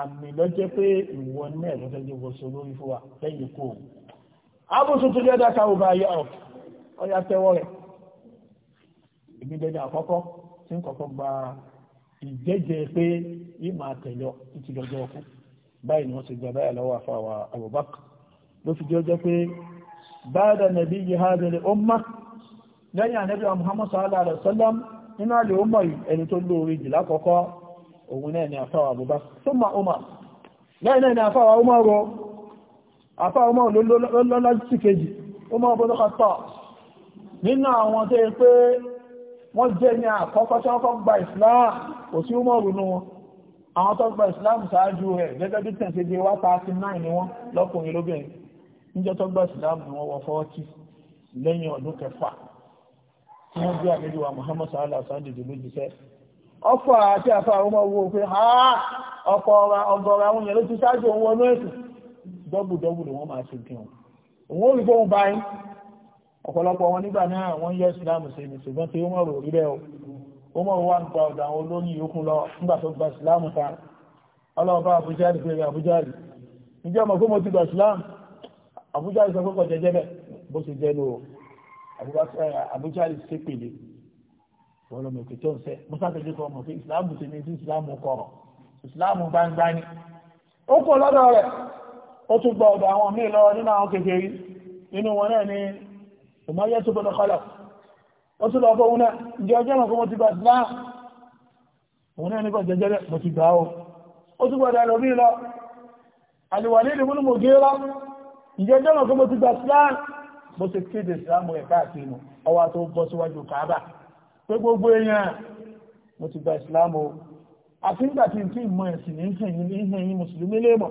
àmì lọ́jẹ́ pé ìwọ náà ló fẹ́jẹ́ wọ́sọ lórí fún wa lẹ́yìn kó o. Abúsùn tó bá yá ọ ya tẹ́wọ́ rẹ̀. Èmi dẹni àkọ́kọ́ tí ń gba ìjẹ́jẹ́ pé yí títí lọ́jọ́ Báyìí ni wọ́n ti gba báyà lọ́wọ́ àfàwà Abubakar. Ló fi jẹ́ pé báyà nàbí yìí ha nínú àlè ẹni tó lóore òun náà ni àfáwà àbúbá súnmà Umar lẹ́yìn náà ni àfáwà Umar o. àfáwà Umar lọ́lọ́lọ́sì kejì Umar bọ́lọ́ kàtà nínú àwọn tó yẹ pé wọ́n jẹ́ ní àkọ́kọ́ tí wọ́n kọ́ gba Islam kò sí Umar nù wọn àwọn tó gba Islam ṣáájú rẹ̀ gẹ́gẹ́ bí tẹ̀sí di wá 39 ni wọ́n lọ́kùnrin ọfà àti àfà àwọn ọmọ owó pé ha ọkọ̀ ọgọ́ra àwọn èèyàn ló ti ṣáájú òun wọnú ẹ̀sùn dọ́gbùdọ́gbù ni wọ́n máa ṣe kí wọn òun ò rí fóun báyìí ọ̀pọ̀lọpọ̀ wọn nígbà náà wọ́n yẹ ìsìláàmù sí ni ṣùgbọ́n tí ó mọ̀ rò o ó mọ̀ wá ń gba àwọn lọ ọlọ́mọ òkè tó ń sẹ́ mọ́sálẹ́dé kan mọ̀ pé ìsìláàmù ti ní sí ìsìláàmù kọ̀rọ̀ ìsìláàmù gbangba ni ó kò lọ́dọ̀ rẹ̀ ó tún gba ọ̀dọ̀ àwọn míì lọ nínú àwọn kékeré inú wọn náà ni ìmọ̀yẹ́ tó gbọdọ̀ kọlọ̀ ó tún lọ bọ́ òun náà ìjọ ọjọ́ mọ̀ pé mo ti gba ìsìláàmù òun náà nígbà jẹjẹrẹ mo ti gbà ó ó tún gbọdọ̀ ẹlòmí lọ àdìwàlẹ́ ìlú múlùmù gẹ́rọ ìjọ ọjọ́ mọ̀ pé mo ti gba ìsìláàmù mo ti kéde ìsìláàmù ẹ̀ káàkiri ọwọ́ tó bọ́ síwájú kàábà pé gbogbo èèyàn mo ti gba ìsìláàmù o àti nígbà tí n tí ìmọ̀ ẹ̀sìn ní sìn ní ìhìn yìí mùsùlùmí léèmọ̀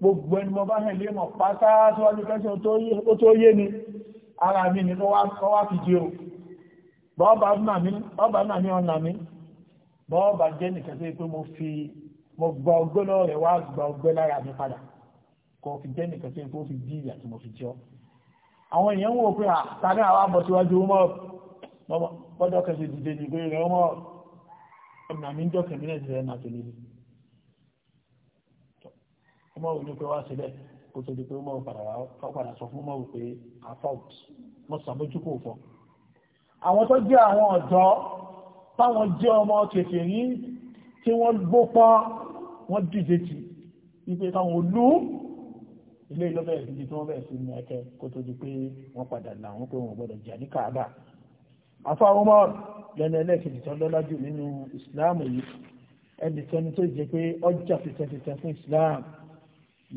gbogbo ẹni mo bá hẹ̀ léèmọ̀ pátá síwájú kẹsàn ó tó yé ni ara mi ni kọ́ wá fi jẹ́ o bọ́ọ̀bà náà mi ọ̀nà mi bọ́ọ̀bà jẹ́ nìkan sí pé mo fi mo gba ọgbẹ́ lọ́wọ́ rẹ̀ wá gba ọgbẹ́ lára mi padà kọ́ fi jẹ́ nìkan sí pé ó fi bí ìyà tí mo fi jẹ́ àwọn èèyàn wò pé àtàrí àwọn abọ̀ síwájú mọ́ bọ́jọ́ kẹsì dìde nìgbé rẹ̀ ọmọ ọ̀nà mi ń jọ kẹmílẹ̀ ti rẹ̀ náà tó nílé ọmọ òní pé wá sílẹ̀ kó tó di pé ọmọ padà sọ fún ọmọ pé afọ́t mọ́ sàmójú kò fọ́ àwọn tó jẹ́ àwọn ọ̀dọ́ táwọn jẹ́ ọmọ kẹfẹ́ rí tí wọ́n gbó pọ́n wọ́n dìde tì wípé táwọn olú ilé ìlọ́bẹ̀ẹ́sì tí wọ́n bẹ̀ẹ́ sí ní ẹ̀kẹ́ kó tó di pé wọ́n padà làwọn pé wọ́n gbọ́dọ̀ jà ní kàábà afá Umar lẹ́nu ẹlẹ́kejì tó lọ́lá jù nínú Islam yìí ẹni tẹni tó jẹ pé ọjà fìtẹfìtẹ fún Islam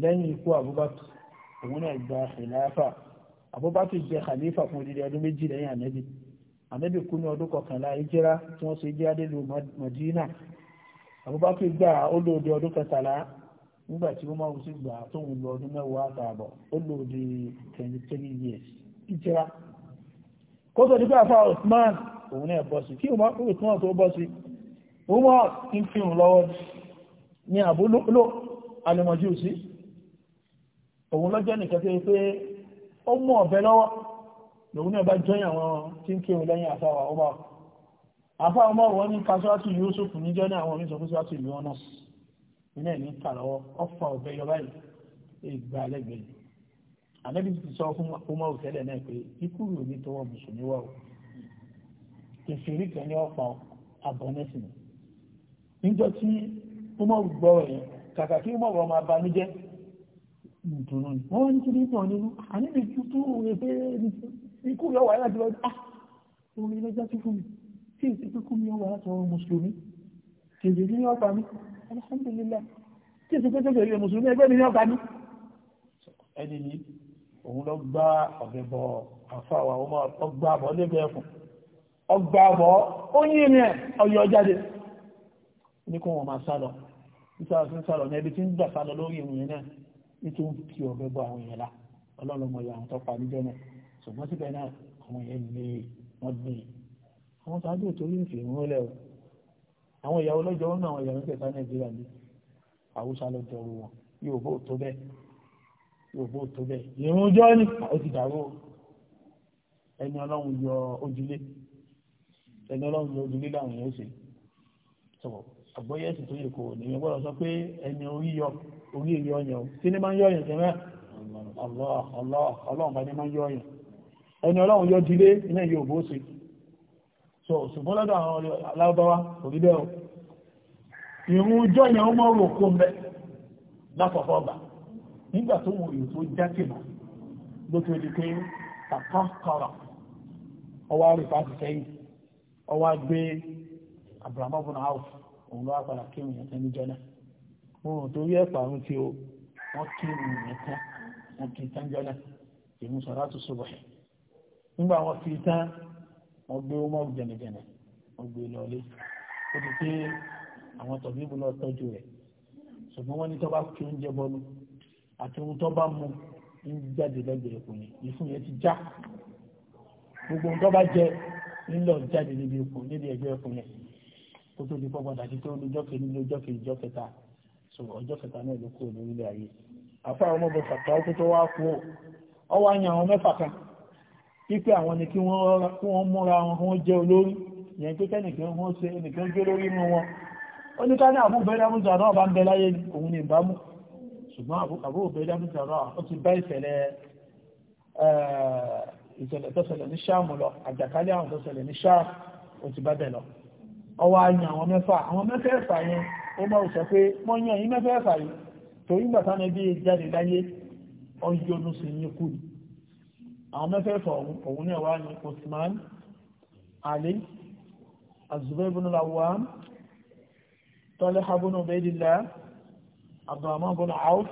lẹ́yìn ikú Abubakar òun náà gba khilafa Abubakar jẹ khalifa fún odidi ọdún méjì lẹ́yìn Ànábì Ànábì kú ní ọdún kọkànlá ìjírá tí wọ́n ṣe jẹ́ adélu Madina Abubakar gbà ó lóde ọdún kẹtàlá nígbà tí Umar sì gbà tóun lọ ọdún mẹ́wàá àtààbọ̀ ó lóde twenty three kó tó dípẹ́ àfá Osman òun náà bọ́ sí kí Osman tó bọ́ sí Umar ń fi hùn lọ́wọ́ ní àbúlò alẹ́mọ̀jú sí òun lọ́jọ́ nìkan tó pé ó mú ọ̀bẹ lọ́wọ́ lòun náà bá jọyìn àwọn tí ń kéwò lẹ́yìn àfá Umar àfá Umar wọn ní kásíwátì Yusuf níjọ́ ní àwọn oníṣòkú síwátì ìlú ìnáà ní kàlọ́wọ́ ọ̀fà ọ̀bẹ yọ báyìí ànábì ti sọ fún Umaru tẹ́lẹ̀ náà pé ikú yóò ní tọwọ́ mùsùlùmí wà o ìfìrí kan ní ọ̀pá abọ́nẹ́sìn níjọ tí Umaru gbọ́ rẹ̀ kàkà kí Umaru ọmọ abanújẹ́ ìdùnnú ni wọ́n ń kiri ìtàn nínú àníbi tuntun rẹ̀ pé ikú yọ wà láti lọ́dún ah omi lọ́jọ́ tí fún mi tí èsì pé kú mi yọ wà láti ọ̀rọ̀ mùsùlùmí kèjì ní ọ̀pá mi alhamdulillah tí èsì pé tó kèrè mùsùlùmí ẹgbẹ́ mi ní ọ̀pá mi ẹni yìí òun lọ gbá ọ̀bẹ bọ àfàwà ọmọ ọgbà bọ lébẹ ẹfun ọgbà bọ ó yí ni ẹ ọyọ jáde ní kó wọn máa sálọ nítorí àti sálọ ní ẹbí tí ń gbà sálọ lórí ìrìn náà nítorí kí ọ̀bẹ bọ àwọn èèyàn la ọlọ́run mọ̀ ìyá àwọn tó pa níjọ́ náà ṣùgbọ́n síbẹ̀ náà àwọn èèyàn lè wọ́n gbé àwọn sáájú torí ìfẹ́ ìrún lẹ̀ o àwọn ìyàwó lọ́jọ́ náà àwọn ìyàwó ń tẹ̀sán nàìjíríà ní àwùsá lọ́jọ́ wọn yóò bó tó bẹ́ẹ̀ òbó tó bẹ́ẹ̀ ìrún ọjọ́ ní ó ti dàrú ẹni ọlọ́run yọ ojúlé ẹni ọlọ́run yọ ojúlé làwọn yóò ṣe sọ àgbọ́yé ẹ̀sìn tó yẹ kó o nìyẹn gbọ́dọ̀ sọ pé ẹni orí yọ orí èyí ọyàn o kí ni máa ń yọ ọyàn sẹ́mẹ́ ọlọ́run bá ní máa ń yọ ọyàn ẹni ọlọ́run yọ ojúlé iná yóò bó ṣe sọ ṣùgbọ́n lọ́dọ̀ àwọn aláwọ̀báwá kò rí o ìrún ọjọ́ yẹn ó mọ̀ rò kó mbẹ́ láfọ̀fọ́ nígbà tó wọn èyí tó jákè mọ́ ló tó di pé kàkà kọ̀rọ̀ ọwọ́ àrífà ti sẹ́yìn ọwọ́ àgbé abrahamu náà òun ló wá padà kírun yẹn tán níjọ náà tó ti o wọ́n kírun yẹn tán wọ́n kí tán jọ èmi sọ̀rọ̀ àti sọ̀rọ̀ ẹ̀ nígbà fi tán wọ́n gbé ọmọ jẹnẹjẹnẹ wọ́n gbé lọlé ó ti pé àwọn tọ̀bí ìbùnà tọ́jú rẹ̀ àti ohun tó bá mu ń jáde lẹ́gbẹ̀ẹ́ ikùn yẹn ìfun yẹn ti já gbogbo ohun tó bá jẹ ńlọ jáde níbi ikùn níbi ẹgbẹ́ ikùn yẹn kó tó di pọ́ padà sí pé kejì lójọ́ kejì ọjọ́ kẹta so ọjọ́ kẹta náà ló kúrò lórílẹ̀ ayé àfa àwọn ọmọbìnrin fàtà ó kó tó wá kú ọ wá yan àwọn mẹ́fà kan wípé àwọn ni kí wọ́n múra wọn kí wọ́n jẹ́ olórí yẹn pé kẹ́nìkan wọ́n ṣe ẹnìkan gbé lórí inú wọn ó ní ká ní àbúbẹ́rẹ́ àmúzà náà bá ń bẹ láyé òun ní ìbámu ṣùgbọ́n àbúkàbó òbẹ́dá ní sọ̀rọ̀ ó ti bá ìṣẹ̀lẹ̀ eh, ìṣẹ̀lẹ̀ tó ṣẹlẹ̀ ní ṣáàmù lọ àjàkálẹ̀ àwọn tó ṣẹlẹ̀ ní ṣáàmù ó ti bá bẹ̀ lọ ọwọ́ ayin àwọn mẹ́fà àwọn mẹ́fẹ̀ẹ̀fà yẹn ó mọ̀ sọ pé wọ́n yan yín mẹ́fẹ̀ẹ̀fà yìí torí ni àwọn náà wá ní Ali Azubair ibn Lawam Talha ibn Ubaidillah Abdurrahman bin Auf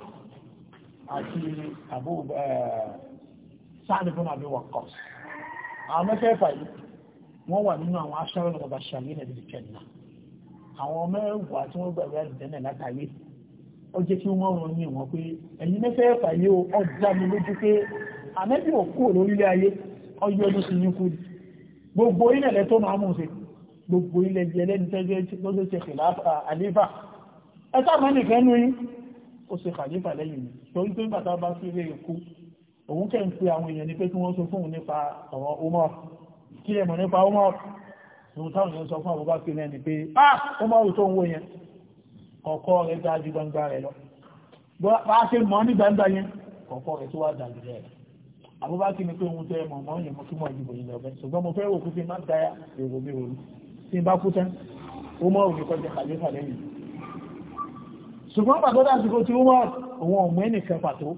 àti Abu Sa'd bin Abi Waqqas àwọn mẹ́fẹ̀ẹ̀fà yìí wọ́n wà nínú àwọn aṣọ́rọ̀ lọ́wọ́ bá ṣàlẹ́ ní ibi kẹ́nà àwọn mẹ́wàá tí wọ́n gbàgbé àdìdẹ́nà látàrí ó jẹ́ kí wọ́n rán yín wọn pé ẹ̀yin mẹ́fẹ̀ẹ̀fà yìí ó dá mi lójú pé àmẹ́bí ò kúrò lórílẹ̀ ayé ọyọ́ ọdún sí yín kú gbogbo ilẹ̀ tó ẹ̀sà mẹ́rin fẹ́nu yí ó ṣe kàlífà lẹ́yìn mi torí pé bàtà bá sí ilé ikú òun kẹ́ ń pe àwọn èèyàn ní pé kí wọ́n sọ fún òun nípa ọ̀rọ̀ Umar kí ẹ̀mọ̀ nípa Umar òun táwọn èèyàn sọ fún àbúbá sí ilé ni pé ah Umar tó ń wó yẹn ọkọ rẹ̀ dá ju gbangba rẹ̀ lọ bá a ṣe mọ̀ ní gbangba yẹn ọkọ rẹ̀ tó wà dà jù rẹ̀ àbúbá kí ni pé òun tẹ́ mọ̀ mọ́ yẹn mo kí mọ̀ ìdìbò yìí lọ bẹ́ẹ̀ ṣùgbọ́n mo fẹ́ wò kú fi má da èrò mi rò tí n bá kú ṣùgbọ́n pàtọ́dá àsìkò tí ó wà òun ọ̀mọ́ ẹnìkan pàtó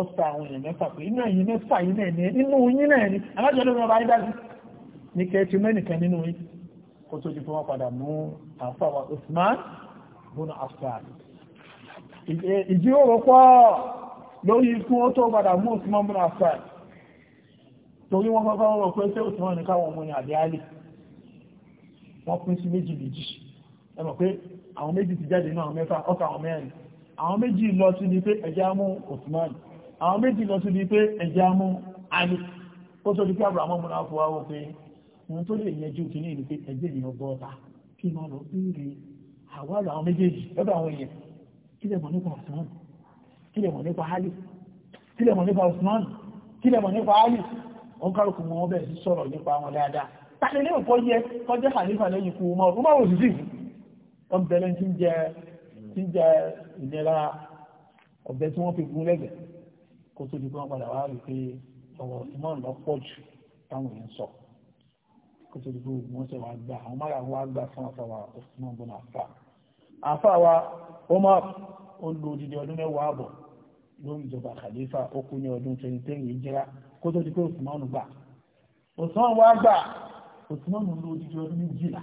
ọ̀sà àwọn èèyàn mẹ́fà pé inú ẹ̀yìn mẹ́fà yìí náà ní inú yín náà ní alájọ́ ló rọra ayé dájú ní kẹ́ẹ̀tì mẹ́nìkan nínú yín kó tó di fún wọn padà mú àfàwà Usman bùnà Affan ìjíròrò pọ̀ lórí ikú ó tó padà mú Usman bùnà Affan torí wọ́n kọ́kọ́ rọ̀ pé ṣé Usman ní káwọn ọmọ yẹn àbí Àlì wọ́n pín sí méjì méjì ẹ mọ̀ pé àwọn méjì ti jáde náà mẹ́fà ọkà àwọn mẹ́rin àwọn méjì lọ sí ni pé ẹjẹ́ amú Osman àwọn méjì lọ sí ni pé ẹjẹ́ amú Ali ó tó di pé àbúrò àmọ́ múra fún wa pé wọn tó lè yẹjú kí ní ìlú pé ẹjẹ́ ènìyàn bọ́ta kí máa lọ béèrè àwárò àwọn méjèèjì lọ́dọ̀ àwọn èèyàn kí lè mọ̀ nípa Osman kí lè mọ̀ nípa Ali kí lè mọ̀ nípa Osman kí lè mọ̀ nípa Ali wọn kárùkù wọn bẹ̀rẹ̀ sí sọ̀rọ̀ nípa wọn dáadáa tàbí ní òkọ́ yẹ kọjá kàlífà lẹ́yìn ikú Umar Umar òsìsì wọ́n bẹ̀rẹ̀ tí ń jẹ tí ń jẹ ìnira ọ̀bẹ tí wọ́n fi gun lẹ́gbẹ̀ẹ́ kó tó di pé wọ́n padà wá rí pé ọ̀rọ̀ ìmọ̀ lọ pọ̀ jù táwọn èèyàn sọ kó tó di pé wọ́n ṣe wá gbà àwọn márùn àwọn wá gbà fún àfàwà òfin ọgbọ́n àfà àfàwà ó máa ó lo odidi ọdún mẹ́wàá àbọ̀ lórí ìjọba khalifa ó kú ní ọdún 23 ìjìrá kó tó di pé òsùnmọ́nù gbà òsùnmọ́nù wá gbà òsùnmọ́nù lo odidi ọdún méjìlá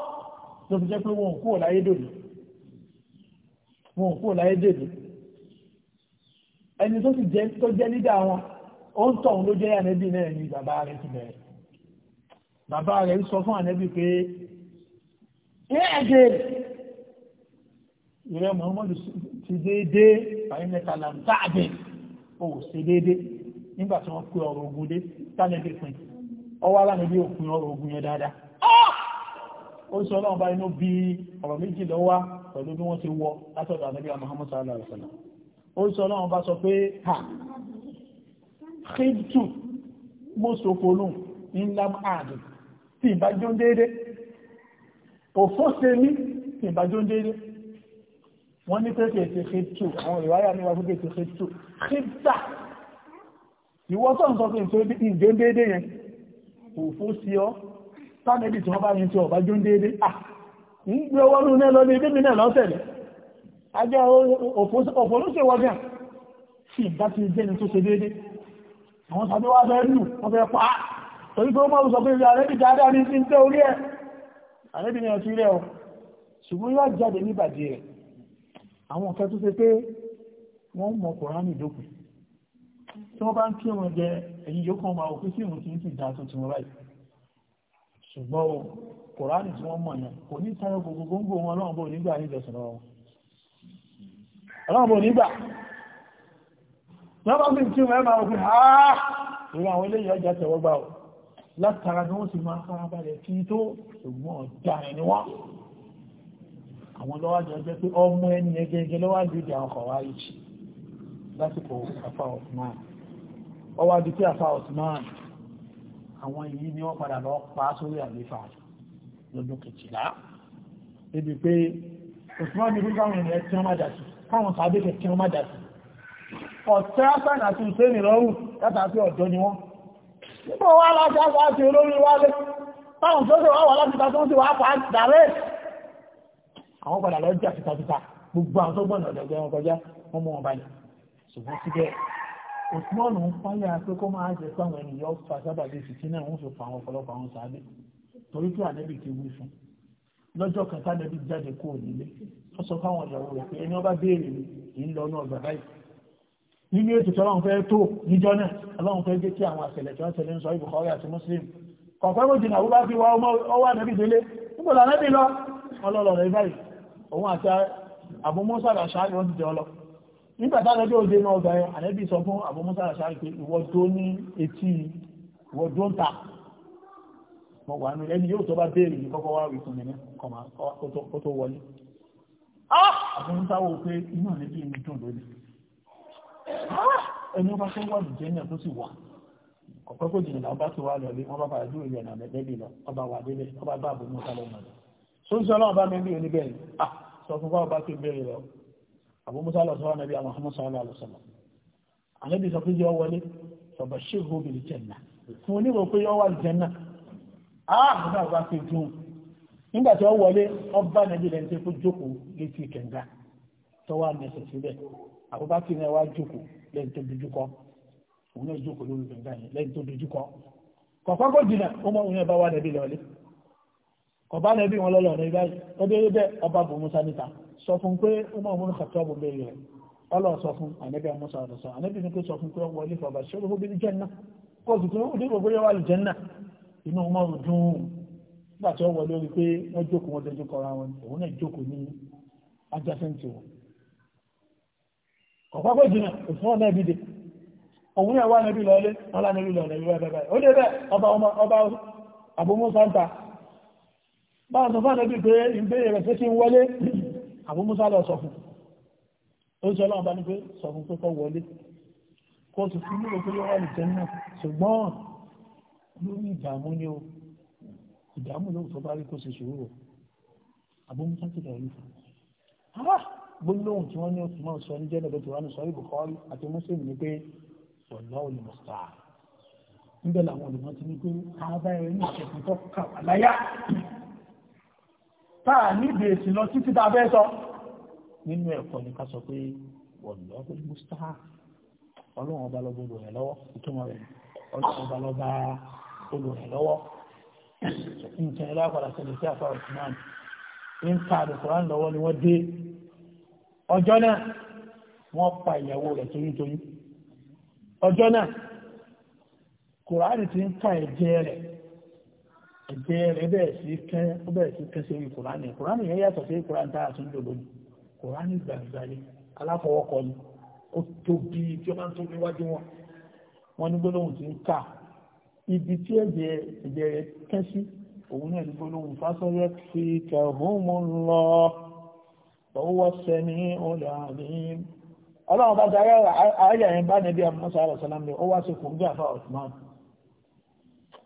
ló fi jẹ́ pé wọn kúrò láyé dòdò wọn kúrò láyé dòdò ẹni tó sì jẹ́ tó jẹ́ lídà wọn ó ń tọ̀hún ló jẹ́ ànẹ́bí náà ni bàbá rẹ̀ ti bẹ̀rẹ̀ bàbá rẹ̀ ń sọ fún ànẹ́bí pé ilé ẹ̀jẹ̀ ìrẹ́ Muhammadu ti déédé àyínlẹ́ta làǹtàdé ó ṣe déédé nígbà tí wọ́n pé ọ̀rọ̀ ogun dé tánẹ́bí pin ọwọ́ alánẹ́bí òpin ọ̀rọ̀ ogun yẹn dáadáa ó sọ ọlọ́run bá inú bí ọ̀rọ̀ méjì lọ wá pẹ̀lú bí wọ́n ti wọ látọ̀dọ̀ ànábì Muhammad sallallahu alaihi wasallam ó sọ ọlọ́run bá sọ pé ha khibtu mo sòfòlù ńlá ààdù tí ìbá jó ń déédé òfó ṣe ní tí ìbá jó ń déédé wọ́n ní pé kèèkè khibtu àwọn ìwáyà ní wàgbé kèèkè khibtu khibta ìwọ́tọ̀ ń sọ pé ìdéédé yẹn òfó tánẹ́bì tí wọ́n bá yẹn tí ọ̀bá jó ń ń gbé owó nínú náà lọ ní ibi náà lọ́sẹ̀lẹ̀ ajá òfò ló ṣe wọ́gbà sí ìgbà tí jẹ́ni tó ṣe déédé àwọn tàbí wá fẹ́ lù wọ́n fẹ́ pa torí pé ó máa sọ pé àrẹ́bì dáadáa ní sí ń tẹ́ orí ẹ̀ àrẹ́bì ni ọtí rẹ̀ ọ ṣùgbọ́n yóò jáde ní ìbàdí rẹ̀ àwọn ọ̀fẹ́ tó ṣe pé wọ́n mọ kòránì dókùn tí wọ́n bá ń kí wọn jẹ ẹ̀yìn yóò kàn máa òfin sí ìrùn tí ń sì dá tuntun báyìí ṣùgbọ́n o kòránì tí wọ́n mọ̀ yẹn kò ní tayọ gbogbo gbogbo wọn ọlọ́run bó nígbà ní ìjọsìn lọ́wọ́ ọlọ́run bó nígbà lọ́wọ́ bí tí wọ́n máa fi ha ìwọ àwọn eléyìí ọjà tẹ̀wọ́ gbà o látara ni wọ́n sì máa farabalẹ̀ kí tó ṣùgbọ́n ọjà rẹ̀ ni wọ́n àwọn lọ́wọ́jọ́ jẹ́ pé ọmọ ẹni ẹgẹgẹ lọ́wọ́jọ́ ìjà ọkọ̀ wá ìṣì lásìkò àfà Osman ọwádìí tí àfà Osman àwọn èyí ni wọ́n padà lọ pa sórí àlefa lọ́dún kejìlá ebi pé òṣùwọ́n ní wípé àwọn ènìyàn tí wọ́n má dàtí káwọn tàbí kẹ̀ tí wọ́n má dàtí ọ̀tẹ́ àpẹẹrẹ àti ìṣẹ́ni lọ́rùn látàkì ọ̀dọ́ ni wọ́n nígbà wá láti àgbà àti olórí wálé táwọn tó wá wà láti tàbí tí wà á pàá dàrẹ́ àwọn padà lọ jà títàtítà gbogbo àwọn tó gbọ́nà ọ̀dọ̀gbẹ́ wọn kọjá wọ́n mú wọn balẹ̀ ṣùgbọ́n síbẹ̀ Osmọ́nù ń fáyà pé kó máa jẹ sáwọn ènìyàn fa sábàbí fìtí náà wọ́n fi àwọn ọ̀pọ̀lọpọ̀ àwọn sàábé torí pé ànẹ́bì ti wí fún lọ́jọ́ kan tánẹ́bì jáde kúrò nílé wọ́n sọ fáwọn ìyàwó rẹ̀ pé ẹni ọba béèrè mi kì í lọ ní ọgbà báyìí nínú ètò tí ọlọ́run fẹ́ tó níjọ́ náà ọlọ́run fẹ́ jẹ́ kí àwọn àṣẹlẹ̀ tí wọ́n ṣẹlẹ̀ ń sọ Bukhari àti Muslim kọ̀ọ̀kan kò jìnnà àwúbá fi wá ọwọ́ ànẹ́bì délé nígbò lànẹ́bì lọ ọlọ́lọ́ rẹ̀ báyìí òun àti àbúmọ́sàdà ṣáájú wọn ti jẹ́ ọlọ́ nígbàtá lọ́jọ́ òde náà ọgbà ẹ̀ ànẹ́bí sọ fún àbúmúsá àṣárí pé ìwọ tó ní etí ìwọ tó ń ta mọ̀ wà ní ẹni yóò tó bá béèrè ní kọ́kọ́ wá wìkún mi ní kọ̀mà ó tó wọlé àbúmúsá ah! wò pé inú ànẹ́bí mi dùn lónìí ah! ẹni ọba tó wà ní jẹ́nà tó sì wà ọ̀pẹ́ kò jìnnà ọba tó wà lọ́lé wọ́n bá fara dúró ìlú ẹ̀nà lẹ́bí lọ ọba wà délé ọba bá àbúmúsá lọ́mọ Abu Musa lọ sọ́wọ́ nàbí Muhammad sallallahu alaihi wasallam ànábì sọ pé yọ wọlé fabashirhu bil janna fún onírò pé yọ wà janna ah nígbà wà sí dùn nígbà tí ó wọlé ọba nàbí lẹ́yìn tí ó jókòó létí kẹ̀ǹgà tó wà mẹsẹ̀ síbẹ̀ Abubakar náà wá jókòó lẹ́yìn tó dojú kọ òun náà jókòó lórí kẹ̀ǹgà yẹn lẹ́yìn tó dojú kọ kọ̀ọ̀kan kò jìnà ó mọ òun náà bá wà nàbí lọ́lé kọ̀ọ̀bá nàbí wọn lọ́lọ́ ọ̀nà ìbáyìí ó dé bẹ́ẹ̀ ọba bò Musa níta sọ fún pé ọmọ òun kàtọ́bù bèèrè rẹ̀ ọlọ́ sọ fún ànẹ́bí àmúsà ọ̀dọ̀sọ́ ànẹ́bí ní pé sọ fún pé ọmọ ilé gbogbo jẹ́nà kó gbogbo lè jẹ́nà inú ọmọ dùn nígbà tí wọlé orí pé wọ́n jókòó wọn de òun wọn lánàbí ìwé ọba ọba báwọn sọ fún pé ń wọlé àbú musa lọ sọ fún ó sọ lọ́wọ́ bá ní pé sọ fún pé kó wọlé kó sì fi nílò pé yọ́wọ́ ìtẹ́ náà ṣùgbọ́n lórí ìdààmú ni ó ìdààmú lóhùn tó bá rí kó sì sùúrù àbú musa ti dàrú fún gbólóhùn tí wọ́n ní oṣù máa sọ ní jẹ́ lọ́dọ̀ tí wọ́n sọ ní Bukhari àti Muslim ni pé ọ̀nà olùmọ̀sá níbẹ̀ làwọn olùmọ̀ ti ní pé ká bá ẹni ìṣẹ̀kùn tó kà wà láyà táà níbi èsì lọ títí tá a nínú ẹ̀kọ́ ni ká sọ pé wọ̀lọ́gbọ̀n mustapha ọlọ́run ọba lọ́ba olùrẹ̀ lọ́wọ́ ìtumọ̀ rẹ̀ ọlọ́run ọba lọ́ba olùrẹ̀ lọ́wọ́ nǹkan ẹ̀rọ àpàdà sẹ̀lẹ̀ sí àfà ọ̀túnmáàmù ń ta àdùkùrán lọ́wọ́ ni wọ́n dé ọjọ́ náà wọ́n pa ìyàwó rẹ̀ toyúntoyún ọjọ́ náà kùránì ti ń ta ẹ̀jẹ̀ rẹ̀ ẹ̀jẹ̀ rẹ̀ bẹ́ẹ̀ sí kẹ́ ó bẹ́ẹ̀ sí kẹ́ sí orí kùránì kùránì yẹn yàtọ̀ sí kùránì tá a tún lò lónìí kùránì gbàgbà ni aláfọwọ́kọ ni ó tóbi tí ó máa ń tóbi wájú wọn wọn ní gbólóhùn tí ń kà ibi tí ẹ̀jẹ̀ ẹ̀jẹ̀ rẹ̀ kẹ́ òun náà ní gbólóhùn fásọyẹ fi kẹhùnmù lọ ọwọ́ sẹni olè àlìm bá darí ayẹyẹ yẹn bá nẹbi àmúṣà àlọ́sálàmù ó wá sí kùnú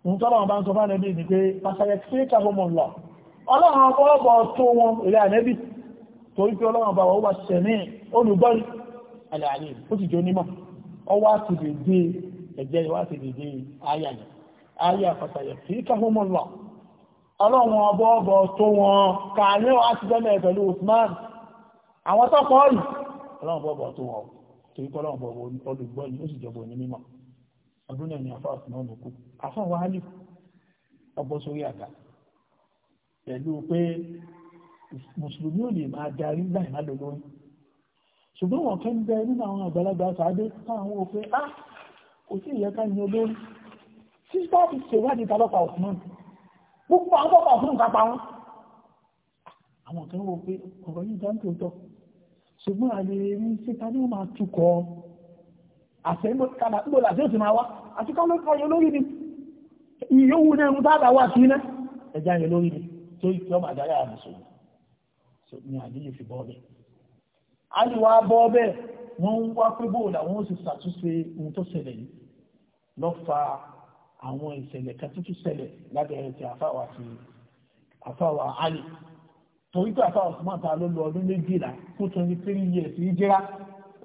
nítọ́lọ́wọ́n bá ń sọ bá nẹ́bí ní pé pàṣẹ sí kàbọ̀mọ̀ lọ ọlọ́run ọ̀pọ̀lọpọ̀ tó wọn ilẹ̀ ànẹ́bí torí pé ọlọ́run bá wọ́n wà sẹ̀mí olùgbọ́n alààrẹ ó ti jẹ́ onímọ̀ ọwá ti lè dé ẹ̀jẹ́ ìwá ti lè dé ayà yìí ayà pàṣẹ sí kàbọ̀mọ̀ lọ ọlọ́run ọ̀pọ̀lọpọ̀ tó wọn kàní wá ti bẹ́ẹ̀ pẹ̀lú Usman àwọn tọ́pọ̀ ọ̀lù ọlọ́run ọ̀pọ̀lọpọ̀ tó wọn torí pé ọlọ́run ọ̀pọ̀lọpọ̀ olùgbọ́n ó sì jọba onímọ̀ ọdún náà ni afọ àtúnmọ́ lòkù afọ wa ní ọbọ sórí àga pẹ̀lú pé mùsùlùmí ò lè máa darí láì má lọ lórí ṣùgbọ́n wọn kẹ́ ń bẹ nínú àwọn àgbàlagbà sàádé fáwọn òfin á ah, kò sí ìyẹ́ká ní olórí sísá ti ṣèwádìí tàbọ́pàá òfin gbogbo àwọn tọ́pàá òfin kápá wọn àwọn kan wo pé ọ̀rọ̀ yìí dá ń tòótọ́ ṣùgbọ́n àlè rí síta ní wọ́n máa tukọ̀ àṣẹ́gbọ́kadà gbò làṣí òsì máa wá àti kọ́ ló kọ́ olórí ni ìyówù náà ń tábà wà sí iná ẹja yẹn lórí ni tó ìtọ́ màdáyà àmùsùn ní àdílé fi bọ́ bẹ́ẹ̀ àdìwà bọ́ bẹ́ẹ̀ wọ́n ń wá pé bóòlù àwọn òsì ṣàtúnṣe ohun tó ṣẹlẹ̀ yìí lọ fa àwọn ìṣẹ̀lẹ̀ kan tuntun ṣẹlẹ̀ lábẹ́ ti àfáwà ti àfáwà Àlì torí pé àfáwà Usman ta ló lọ ọdún méjìlá fún twenty three years ìjẹ́ra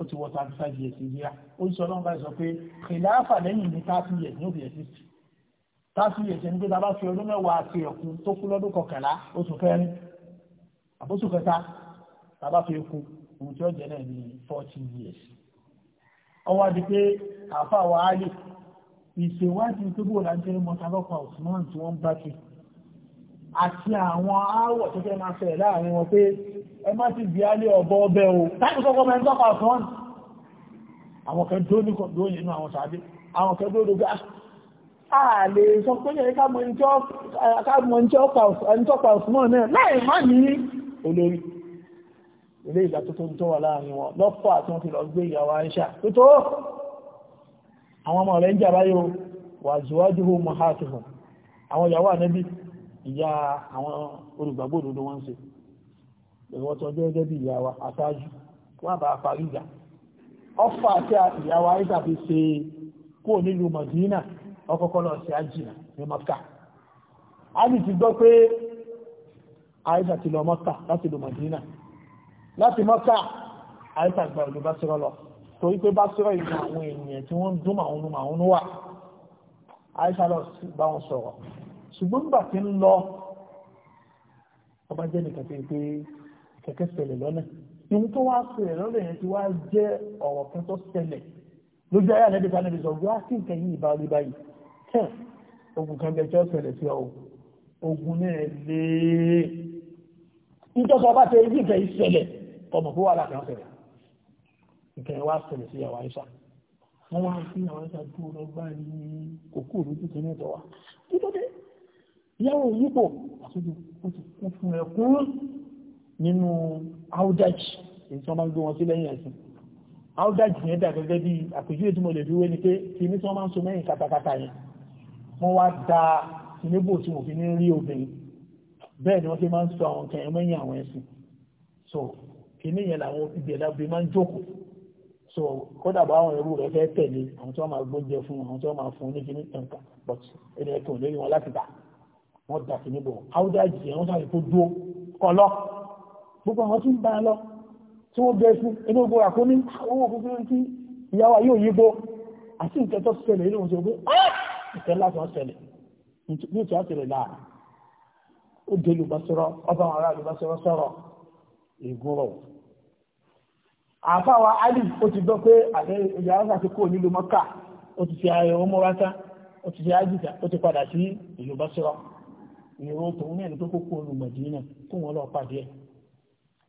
ó ti wọ thirty five years ìgbéra ó sọ ọlọ́run báyìí sọ pé kìláàfà lẹ́yìn ní thirty years ní òbí ẹ̀sìn thirty years ẹni pé tá a bá fi ọdún mẹ́wàá àti ẹ̀kún tó kú lọ́dún kọkànlá oṣù kẹrin àbóṣù kẹta tá bá fi kú òun tí ó jẹ náà ní forty years ọwọ́ adi pé àfa wa ayé ìṣèwádìí tó bó la ń tẹ́lẹ̀ mọ́ta lọ́pàá tí wọ́n ń bá ti àti àwọn aáwọ̀ tó fẹ́ máa fẹ̀ láàrin wọn pé ẹ má ti bí alẹ́ ọ̀bọ ọbẹ̀ o táìpù sọ́kọ́ mẹ́rin tọ́kọ̀ àfọ́n àwọn kan tó ní kọ̀dọ̀ yìí nínú àwọn sàádé àwọn kan tó dógbé ààlè sọ pé yẹ ká mọ ẹni tọ́pa ọ̀sùnmọ́ náà láì má ní olórí ilé ìgbà tó tó ń tó wà láàrin wọn lọ́pọ̀ àti wọn ti lọ gbé ìyàwó àìṣà tó tó àwọn ọmọ rẹ̀ ń jàbá yóò wà zùwájú hó mọ̀ háàtì hàn àwọn ìyàwó ànẹ́bí ìyá àwọn olùgbàgbọ́ òdodo wọn ń ṣe ìwọ́n tó jẹ́ gẹ́gẹ́ bí ìyá wa àṣáájú wọ́n bá parí ìjà ọfà àti ìyá wa ìjà fi ṣe kó nílùú Mọ̀dínà ọkọ̀kọ́ lọ sí àjìnà ní Mọ́kà Ali ti gbọ́ pé àìsà ti lọ Mọ́kà láti lọ Mọ̀dínà láti Mọ́kà àìsà gba ìlú Básírọ̀ lọ torí pé Básírọ̀ ìlú àwọn ènìyàn tí wọ́n dún màún màún wà àìsà lọ bá wọn sọ̀rọ̀ ṣùgbọ́n nígbà tí ń lọ ọba jẹ́ nìkan pé kẹ̀kẹ́ ṣẹlẹ̀ lọ́nà inú tó wá ṣẹlẹ̀ lọ́nà yẹn ti wá jẹ́ ọ̀rọ̀ kan tó ṣẹlẹ̀ lójú ayé àlẹ́ dìbò àlẹ́ sọ wá sí nǹkan yìí ìbáwí báyìí tẹ̀ ogun kan bẹ jọ́ ṣẹlẹ̀ sí ọ ogun náà lé nítorí ọba tẹ ibi nǹkan yìí ṣẹlẹ̀ ọmọ kó wà láti ṣẹlẹ̀ nǹkan yẹn wá ṣẹlẹ̀ sí àwọn àyíṣà wọ́n wá sí àwọn àyíṣà tó lọ gbá ní òkú òrùjú tó ní ẹ̀tọ́ wa kí ló dé ìyàwó yípo àtúntò ó ti kún fún ẹkún nínú audaj èyí tí wọ́n máa ń gbé wọn sí lẹ́yìn ẹ̀sìn audaj yẹn dà gẹ́gẹ́ bí àpèjúwe tí mo lè dúró ni pé kìíní tí wọ́n máa ń so mẹ́yìn katakata yẹn wọ́n wá da níbò tí mo fi ní rí obìnrin bẹ́ẹ̀ ni wọ́n ti máa ń so àwọn nǹkan ẹ̀ mẹ́yìn àwọn ẹ̀sìn so kìíní yẹn làwọn ìgbẹ̀dá obìnrin máa ń jókòó so kódà bá àwọn ẹrú rẹ̀ fẹ́ tẹ̀lé àwọn tí wọ́n máa gbóúnjẹ fún àwọn tí wọ́n máa fún ní kíní ẹ̀ǹkà but ẹni ẹ̀kọ́ lórí wọn láti gbà wọ́n dà sí níbò áwùdájì yẹn wọ́n sáré kó dúró kọlọ́ gbogbo àwọn tí ń bá lọ tí wọ́n bẹ̀ẹ́ fún inú ogun àkó ní ah, owó gbogbo tí ìyáwó yóò yíbo àti ìtẹ́tọ́ ṣẹlẹ̀ inú oúnjẹ ogun ìtẹ́ láti wọ́n ṣẹlẹ̀ ní ìtẹ́ àtẹ̀rẹ̀ láàá ó dé olùbásọ́rọ́ ọba àwọn ará olùbásọ́rọ́ sọ̀rọ̀ ìgúnrọ̀ àfáwa alì ó ti gbọ́ pé àlẹ́ ìyá ọ̀sà ti kó nílùú mọ́kà ó ti fi ayọ̀ ọmọ wáta ó ti fi ájìta ó ti padà sí ìlú básọ́rọ̀ ìrò tòun náà ní pé kókó olùmọ̀dínà kó wọn lọ pàdé ẹ̀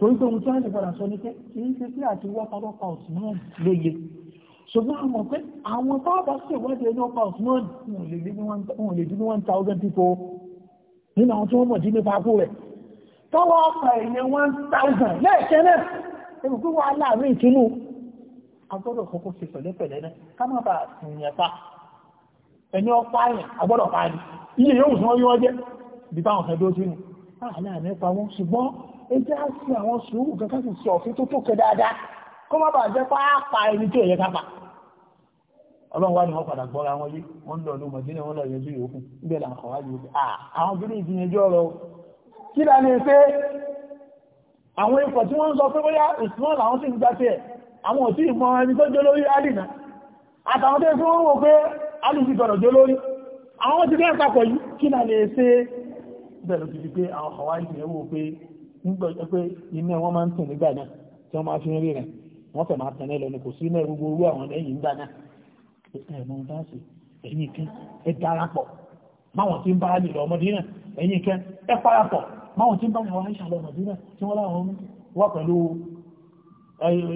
torí pé ohun tí wọ́n lè padà sọ ní pé kì í ṣe pé àti wọ́pá lọ́pàá Osman ló le ṣùgbọ́n a mọ̀ pé àwọn tábà sì wọ́dẹ̀ ẹni ọpa Osman wọn lè dín ní one thousand people nínú àwọn tí wọ́n mọ̀ dín ní pàápù rẹ̀ tọ́wọ́ ọpa ẹ̀yẹ one thousand lẹ́ẹ̀kẹ́ náà ẹ̀rù pé wọ́n aláàárín ìtúnú agbọ́dọ̀ kọ́kọ́ ṣe pẹ̀lẹ́pẹ̀lẹ́ náà ká má bàa sùn yẹn pa ẹni ọpa ẹ̀yìn agbọ́dọ̀ pa ni ilé yóò sọ yọ jẹ́ bí báwọn fẹ́ dó sínú àlàáfẹ́ pa wọn ṣùgbọ́n ẹjẹ́ á sí àwọn sùúrù kan káàkiri sí ọ̀fin tó tókè dáadáa kó má bàa jẹ́ pápá ẹni tí ò yẹ ká pa ọlọ́run wá ní wọ́n padà gbọ́ra wọn yé wọ́n ń lọ ló mọ̀dínà wọ́n lọ yẹjú yòókù níbẹ̀ là ń kọ̀ wáyé pé àwọn bí ní ìdíyẹjú ọ̀rọ̀ kí là ní pé àwọn ikọ̀ tí wọ́n ń sọ pé bóyá ìsúná làwọn sì ń gbà tiẹ̀ àwọn ò tí ì mọ ẹni tó jó lórí alìnà àtàwọn tó ń fún wọn pé alìsí gbọdọ̀ jó lórí àwọn ti fẹ́ papọ̀ yìí kí là ní pé bẹ̀rù ti di pé àwọn kọ̀ wáyé nígbà pé iná wọn máa ń tàn nígbà náà tí wọ́n máa fi ń ríran wọ́n fẹ̀ máa tàn ẹ́ lọ́nà kò sí iná gbogbo orú àwọn lẹ́yìn nígbà náà ẹ̀mọ bá sì ẹ̀yìn kan ẹ darapọ̀ máwọn tí ń bá lè lọ ọmọdé náà ẹ̀yìn kan ẹ parapọ̀ máwọn tí ń bá lè wọ́n ṣàlọ ọmọdé náà tí wọ́n láwọn wà pẹ̀lú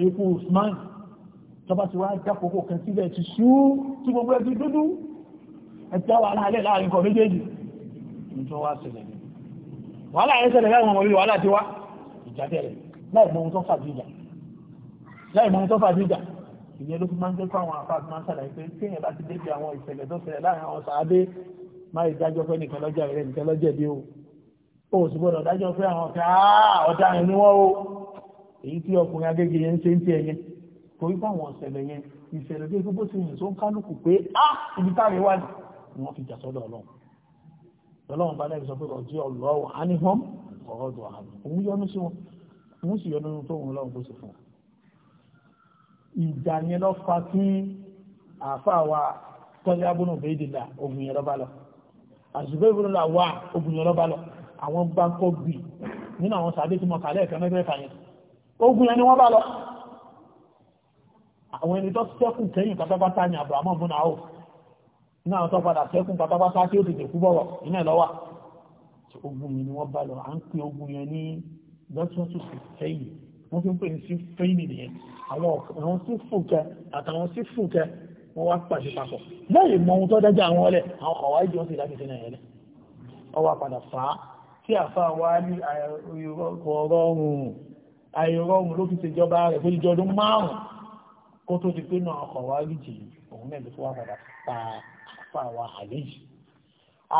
ikú Usman tọba ti wá jákòókò kan sílẹ̀ ti ṣú tí gbogbo ẹbí dúdú ẹ̀tẹ́wà láàrẹ̀ láàrin kọ̀ méjèèjì ní wàhálà ẹ̀ṣẹ̀lẹ̀ láì orí wàhálà ti wá ìjàbẹ̀rẹ̀ láì mọ̀ ohun tó fà jíjà láì mọ̀ ohun tó fà jíjà ń jẹ́ fáwọn àfáà bá ti débi àwọn ìṣẹ̀lẹ̀ tó ó sì ṣe ń tó ń kálukú pé á ibi táwọn wà ni wọ́n fi jà sọ́dọ̀ ọlọ́run lọ́lọ́run bá lẹ́yìn sọ pé ọjí ọlọ́wọ́ anihom ọ̀rọ̀dọ̀ àmì òun yọnu sí wọn òun sì yọnu tó òun lọ́run tó sì fún ìjà yẹn lọ fa kí àáfàá wa tọ́lẹ́ abúnú bèèdìlà ogun yẹn lọ́ba lọ àṣùgbọ́n ìbúnú là wà ogun yẹn lọ́ba lọ àwọn gbáǹkọ́ gbì nínú àwọn sàdé tí mo kà lẹ́ẹ̀kan mẹ́fẹ́fà yẹn ogun yẹn ni wọ́n bá lọ àwọn ẹni tó iná àwọn tó padà sẹ́kùn pátápátá tí ó ti dẹ̀kú bọ̀rọ̀ iná ìlọ́wà ogun yìí ni wọ́n bá lọ à ń pè ogun yẹn ní lọ́sọ̀tún sí fẹ́yìn wọ́n fi ń pè ní sí fẹ́yìn nìyẹn àwọn sí fùkẹ́ àtàwọn sí fùkẹ́ wọ́n wá pàṣẹ papọ̀ lẹ́yìn mọ ohun tó dájá àwọn ọlẹ̀ àwọn ọ̀wá ìjọ sí láti sínú ẹ̀lẹ́ ọwá padà fà á àfàwà àlè yìí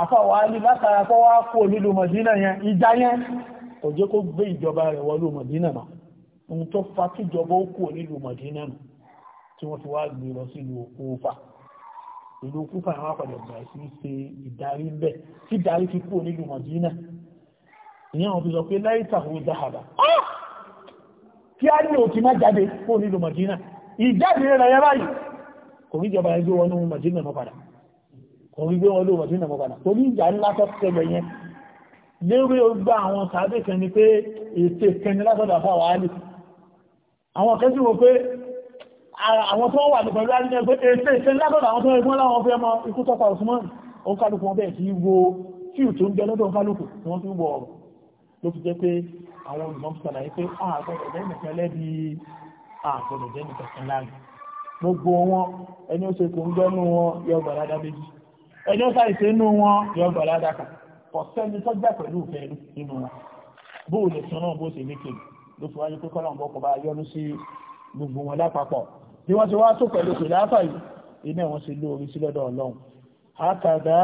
àfàwà alì látara kọ́ wá kó nílùú mọ̀dínà yẹn ìjà yẹn kò jẹ́ kó gbé ìjọba rẹ̀ wọlú mọ̀dínà mà ohun tó fa kíjọba ó kó nílùú mọ̀dínà nù tí wọ́n fi wá gbé lọ sílùú Kúfà ìlú Kúfà yẹn wá padà bẹ̀rẹ̀ sí ṣe ìdarí bẹ̀ tí ìdarí fi kó nílùú mọ̀dínà ìyẹn wọn fi sọ pé láì tàwọn dáhàbà kí á ní òkì má jáde kó nílùú mọ̀dínà ìjáde rẹ̀ yẹn báyìí kò ní ìjọba ẹgbẹ́ wọnú mọ̀dínà mọ́ padà kò rí gbé wọn ló wọ̀ sínú ọ̀padà torí ìjà ńlá tó tẹ̀lẹ̀ yẹn lérí ogbà àwọn tàbí kan ni pé ètè kẹni látọ̀dà fún àwọn àlè àwọn kẹsì wo pé àwọn tó wà nípa ìlú àlè pé ètè kẹni látọ̀dà àwọn tó ẹgbọ́n láwọn fẹ́ mọ ikú tọ́pa Usman òǹkálùkù wọn bẹ́ẹ̀ sí wo fíù tó ń jẹ lọ́dọ̀ òǹkálùkù ni wọ́n fi wọ ọ̀rọ̀ ló fi jẹ́ pé àwọn olùmọ̀sọ̀lá yìí pé àgbọ̀dọ̀ jẹ́ nìkan lẹ́bi àgbọ̀dọ̀ jẹ́ nìkan láàrin gbogbo wọn ẹni ó ṣe kò ń gbẹ́nu wọn yọ gbàdádá méjì ẹjọ́ sáìsẹ́ inú wọn yọ gbà ládàkà ọ̀sẹ́ni tó gbà pẹ̀lú ìfẹ́ nínú wọn bó o lè sọ náà bó o sì ní kejì ló fi wáyé pé kọ́lọ̀n bọ́ kò bá yọ́nú sí gbogbo wọn lápapọ̀ bí wọ́n ti wá tó pẹ̀lú ìfìláfà yìí iná wọn sì lóore sí lọ́dọ̀ ọlọ́run àkàdá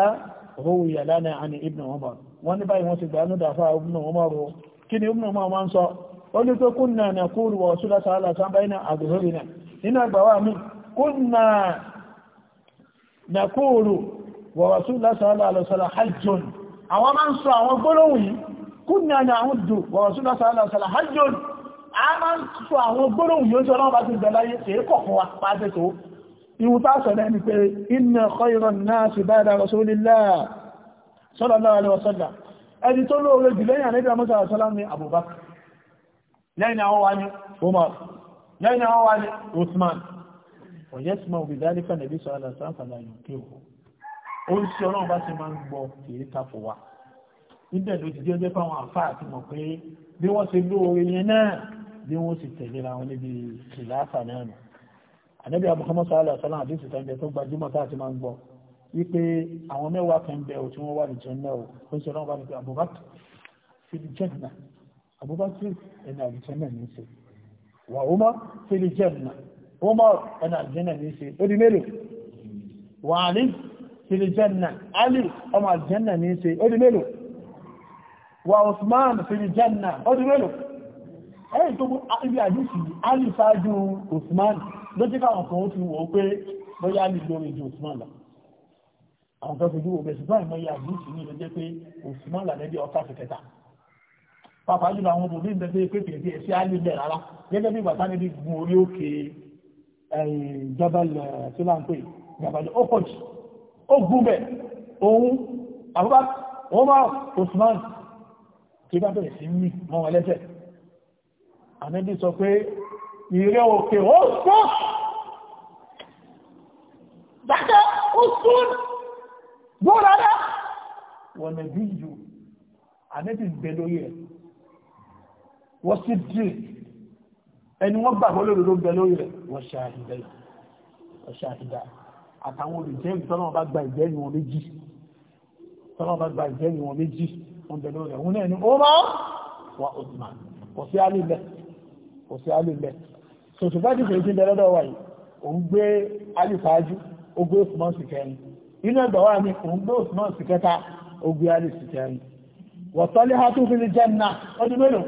owó ìyàlánà àni ibnu Umar wọ́n ní báyìí wọ́n ti gbà núdà fáà ibnu Umar ro kí ni ibnu Umar máa sọ ó ní pé kúnnà nà kúrù wọ̀ ṣúlá sàálà sábáyìnà àgbèrè nà nínú àgbàwà mi kúnnà nà kúrù wa rasulullah sallallahu alaihi wasallam hajjun àwọn máa ń sọ àwọn gbólóhùn yìí kúnnà ní àwọn dò wa rasulullah sallallahu alaihi wasallam hajjun a máa ń sọ àwọn gbólóhùn yóò sọ lọ́wọ́ bá ti orí tí ọlọ́run bá ti máa ń gbọ́ kìí tapò wa níbẹ̀ ló ti jẹ́jẹ́ fáwọn àfáà ti mọ̀ pé bí wọ́n ti lóore yẹn náà bí wọ́n sì tẹ̀léra wọn níbi ìlàáfà náà nù ànábì Muhammad sallallahu alaihi wasallam àdéhùn ìtàn ìbẹ̀ tó gbajúmọ̀ tá a ti máa ń gbọ́ wípé àwọn mẹ́wàá kan bẹ̀ ò tí wọ́n wà nìjọ náà ò ó sì ọlọ́run bá ní pé Abubakar fil janna Abubakar ẹni àlùjọ ní í ṣe wà Umar fil janna Umar ẹni àlùjọ ní í ṣe ó di mélòó wà ní filijanna ali ọmọ aljanna ní ṣe ó di mélòó wa usman filijanna ó di mélòó ẹ̀yìn tó ibi àdíṣì ali ṣáájú usman ló jẹ́ káwọn kan ó fi wọ́ pé bóyá ali lórí ju usman lọ àwọn kan fi dúró bẹ̀ ṣùgbọ́n ìmọ̀ iye àdíṣì ní ló jẹ́ pé usman làdẹ́bí ọkà fi kẹta pàpà jùlọ àwọn obìnrin ní ìgbẹ́gbẹ́ pé kìí ẹ̀ sí ali bẹ̀ rárá gẹ́gẹ́ bí bàtà níbi gun orí òkè ẹ̀yìn jábàlẹ̀ eh, tí láǹpẹ̀ jábàlẹ̀ ó gúnbẹ̀ ohun àbúbá wọ́n máa Osman tí bá bẹ̀rẹ̀ sí mí mọ́ wọn lẹ́sẹ̀ àmẹ́bí sọ pé ìrẹ́ òkè ó sọ dákẹ́ ó sún gbọ́rọ̀dá wọ́n nà bí yù àmẹ́bí ń bẹ lórí ẹ̀ wọ́n sì dì ẹni wọ́n gbàgbọ́ lórí ló ń bẹ lórí rẹ̀ wọ́n ṣe àhìdá àtàwọn olùjẹ́rìí tọ́lọ́wọ́ bá gba ìjẹ́rìí wọn méjì tọ́lọ́wọ́ bá gba ìjẹ́rìí wọn méjì wọn bẹ̀rẹ̀ rẹ̀ òun náà ni ó máa wà Osman kò sí alílẹ̀ kò sí alílẹ̀ sòtùbájì fèrè sí bẹ̀rẹ̀ wà yìí òun gbé alìfáájú ó gbé Osman sì kẹrin inú ẹgbà wà ní òun gbé Osman sì kẹta ó gbé alì sì kẹrin wọ̀tọ́lé ha tó fi lè jẹ́ nà ó di mélòó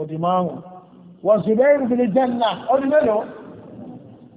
ó di márùn-ún wọ̀sùn bẹ́ẹ̀ fi lè jẹ́ nà ó di mélòó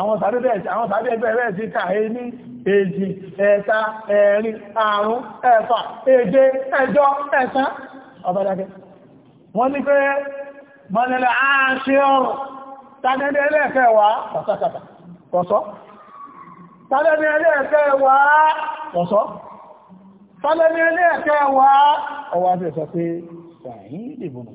àwọn sàbẹ́ ẹgbẹ̀rẹ̀ sí káà ní èjì ẹ̀ta ẹ̀rin àrún ẹ̀fà èje ẹjọ́ ẹ̀sán ọ̀bádákẹ́ wọ́n ní pé mọ́lẹ̀lẹ̀ àṣírọ̀rùn tàbí ẹlẹ́ẹ̀kẹ́wàá pàtàkàtà pọ̀sọ́ tàbí ẹlẹ́ẹ̀kẹ́wàá pọ̀sọ́ tàbí ẹlẹ́ẹ̀kẹ́wàá ọwá fẹ́ sọ pé ṣàyí lè bọ̀nà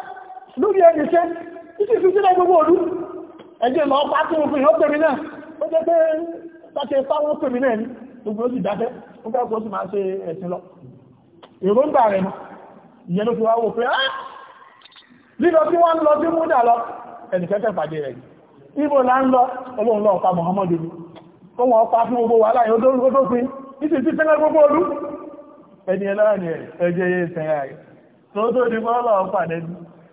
lórí ẹni iṣẹ́ títí fi sílẹ̀ gbogbo òru ẹjẹ́ lọ pa tí mo fi hàn pèmí náà ó jẹ́ pé tàṣẹ fáwọn pèmí náà ní gbogbo oṣù dáfẹ́ ó fẹ́ kó sì máa ṣe ẹ̀sìn lọ èrò ń bà rẹ̀ mọ́ ìyẹn ló fi wá wò pé á ah! lílọ tí wọ́n ń lọ sí múdà lọ ẹnì kẹ́kẹ́ pàdé rẹ̀ ibo là ń lọ ọlọ́run lọ́ọ̀pá Muhammadu ni ó wọ́n pa fún gbogbo wàhálà yóò dópin títí sí sẹ́lẹ̀ gbogbo olú ẹni ẹlọ́rin ẹ̀jẹ̀ yé sẹ́yà rẹ̀ tó tó di bọ́ọ̀lọ́ pàdé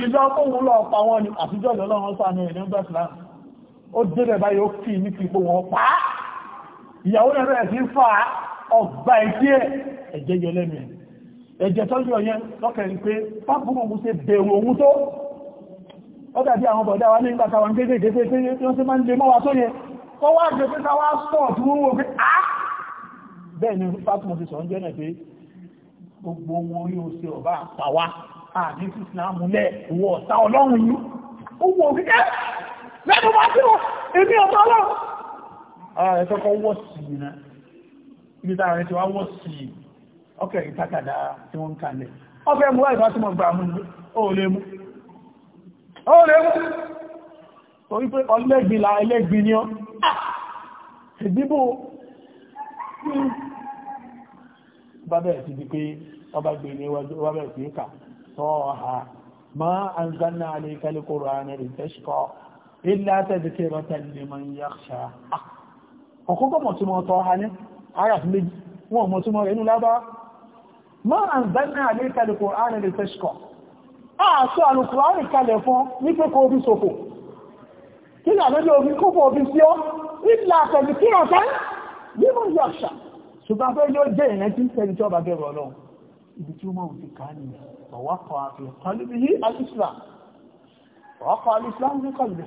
ìjọ tó wù lọ pa wọn ni àtijọ́ ìlọ́lọ́wọ́n sánú ìdí ọgbà ìsìláàmù ó débẹ̀ báyìí ó fi ní kí ipò wọn pa á ìyàwó rẹ̀ rẹ̀ sí fa ọgbà ìdí ẹ̀ ẹ̀jẹ̀ yọ lẹ́nu ẹ̀ ẹ̀jẹ̀ tó yọ yẹn lọ́kẹ̀ rí pé pápúrò mú sí bẹ̀rù òun tó ó dàbí àwọn bọ̀dá wa ní ìgbà táwọn kéékèèké pé pé tí wọ́n sì máa ń lè mọ́ wa tó yẹ kó wá gbé pé ká wá sọ̀ tí wọ́n wò pé á bẹ́ẹ̀ ni pápúrò ti sọ̀ ń jẹ́ náà pé gbogbo wọn yóò ṣe ọ̀bá àpá wa àní sí ìsìláàmù lẹ́ ìwọ ọ̀tá ọlọ́run yìí ó wò gígẹ́ lẹ́nu wá sí ọ èmi ọ̀tá ọlọ́run ara rẹ̀ tọ́kọ́ wọ́ sí ìná ibi tára rẹ̀ tí wá wọ́ sí ọkẹ̀ ìtàkàdá tí wọ́n ń kalẹ̀ ọkẹ̀ mú àìfà tí mọ̀ gbà mú ó lè mú ó lè mú torí pé ọlẹ́gbìn la ẹlẹ́gbìn ni ọ́ ìdíbò ah! bá bẹ̀rẹ̀ sí di pé ọba gbé ní wájú ọba bẹ̀rẹ̀ sí ń kà طه ما أنزلنا عليك القرآن لتشقى إلا تذكرة لمن يخشى أخوك mọ̀túnmọ̀ tọ́ ha ní araf méjì wọn mọ̀túnmọ̀ rẹ̀ inú lábá ma ń zanna àlé kalẹ̀ kòránì lè tẹ́ṣkọ̀ àṣọ alùkùránì kalẹ̀ fún ní pé kò bí sòfò kí ní àmẹ́lẹ́ omi kó fò bí sí ọ́ ìlà tẹ̀lẹ̀ kí ọ̀tán yíò yọ̀ṣà ṣùgbọ́n fẹ́ yóò jẹ́ ìrẹ́ntí tẹ́lẹ̀ tí ọba bẹ̀rẹ̀ ọlọ́run ibi tí ó mọ̀ ti ká ní ọ̀wọ́kọ̀ àti kọlùbí yí alìsìlám ọ̀wọ́kọ̀ alìsìlám ní kọlùbí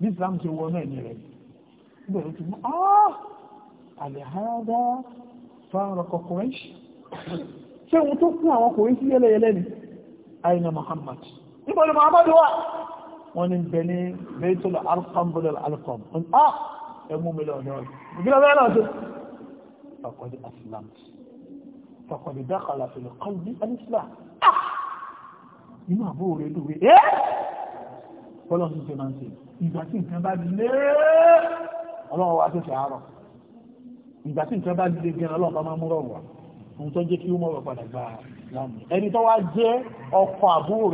bí islam ti wọ́n náà ní rẹ̀ bẹ̀rẹ̀ tí mọ́ ah alìhádá fárọkọ̀ kùrẹ́ṣì ṣe wọ́n tó fún àwọn kùrẹ́ sí yẹlẹyẹlẹ ni aina muhammad níbo ni fàkọ̀dé dákàlà fil qalbi al-islam inú àbúrò rẹ̀ lóore eh! ẹ́ bọ́lọ́sí ṣe máa ń ṣe ìgbà tí nǹkan bá lé ọlọ́run wa ṣẹ̀ṣẹ̀ àárọ̀ ìgbà tí nǹkan bá lé gan ọlọ́run bá máa mú rọrùn wá ohun tó jẹ́ kí ó mọ̀rọ̀ padà gba láàmú ẹni tó wá jẹ́ ọkọ̀ àbúrò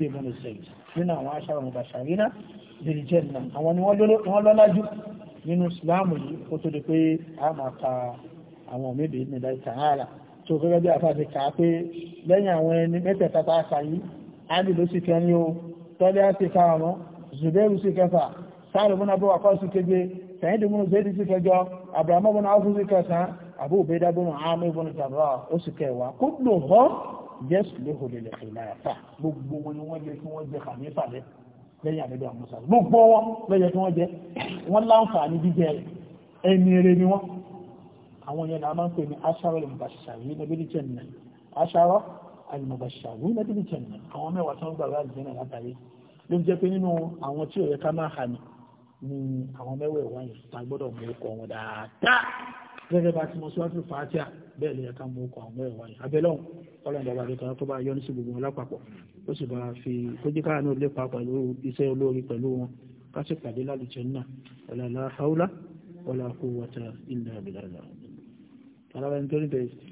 de monosex nínú àwọn aṣáájú àwọn bàṣàrínà dèrè jẹ́ nà àwọn ni wọ́n lọ́lájú nínú ìsìláàmù yìí a máa àwọn òmìnir ìbìnrin ìdá ìtàhálà tó gẹ́gẹ́ bí àfáàfẹ́ kàá pé lẹ́yìn àwọn ẹni mẹ́tẹ̀ẹ̀ta tá a kà yìí áàdì ló sì kẹ́ ní o tọ́lẹ́ á sì ká àwọn zùbẹ́rù sì kẹfà sáàrù bọ́nà bọ́ àkọ́ sí keje sẹ́yìn múnú zẹ́dì sí kẹjọ abrahamu bọ́nà áwùsù sí kẹsàn àbú òbẹ́dá bọ́nà àmì bọ́nà jàbá ó sì kẹwàá kó lò họ́ jésù ẹni eré ni wọ́n àwọn yẹn náà máa ń pè ní aṣáró al-mubashsharina nabil janna aṣáró al-mubashsharina nabil janna àwọn mẹ́wàá tó ń gbàgbé àlùjẹ́nà látàrí ló jẹ́ pé nínú àwọn tí ò ká máa hà ní ni àwọn mẹ́wẹ̀ẹ̀wá yẹn ta gbọ́dọ̀ mú ọkọ̀ wọn dáadáa gẹ́gẹ́ bá ti mọ síwájú fàátíà bẹ́ẹ̀ lè yẹ ká mú ọkọ̀ àwọn mẹ́wẹ̀ẹ̀wá yẹn abẹ́lọ́hùn ọlọ́run bàbá àdékan tó bá yọ ní sí gbogbo wọn lápapọ̀ ó sì bá fi kójíká para tó rí tẹ̀sí.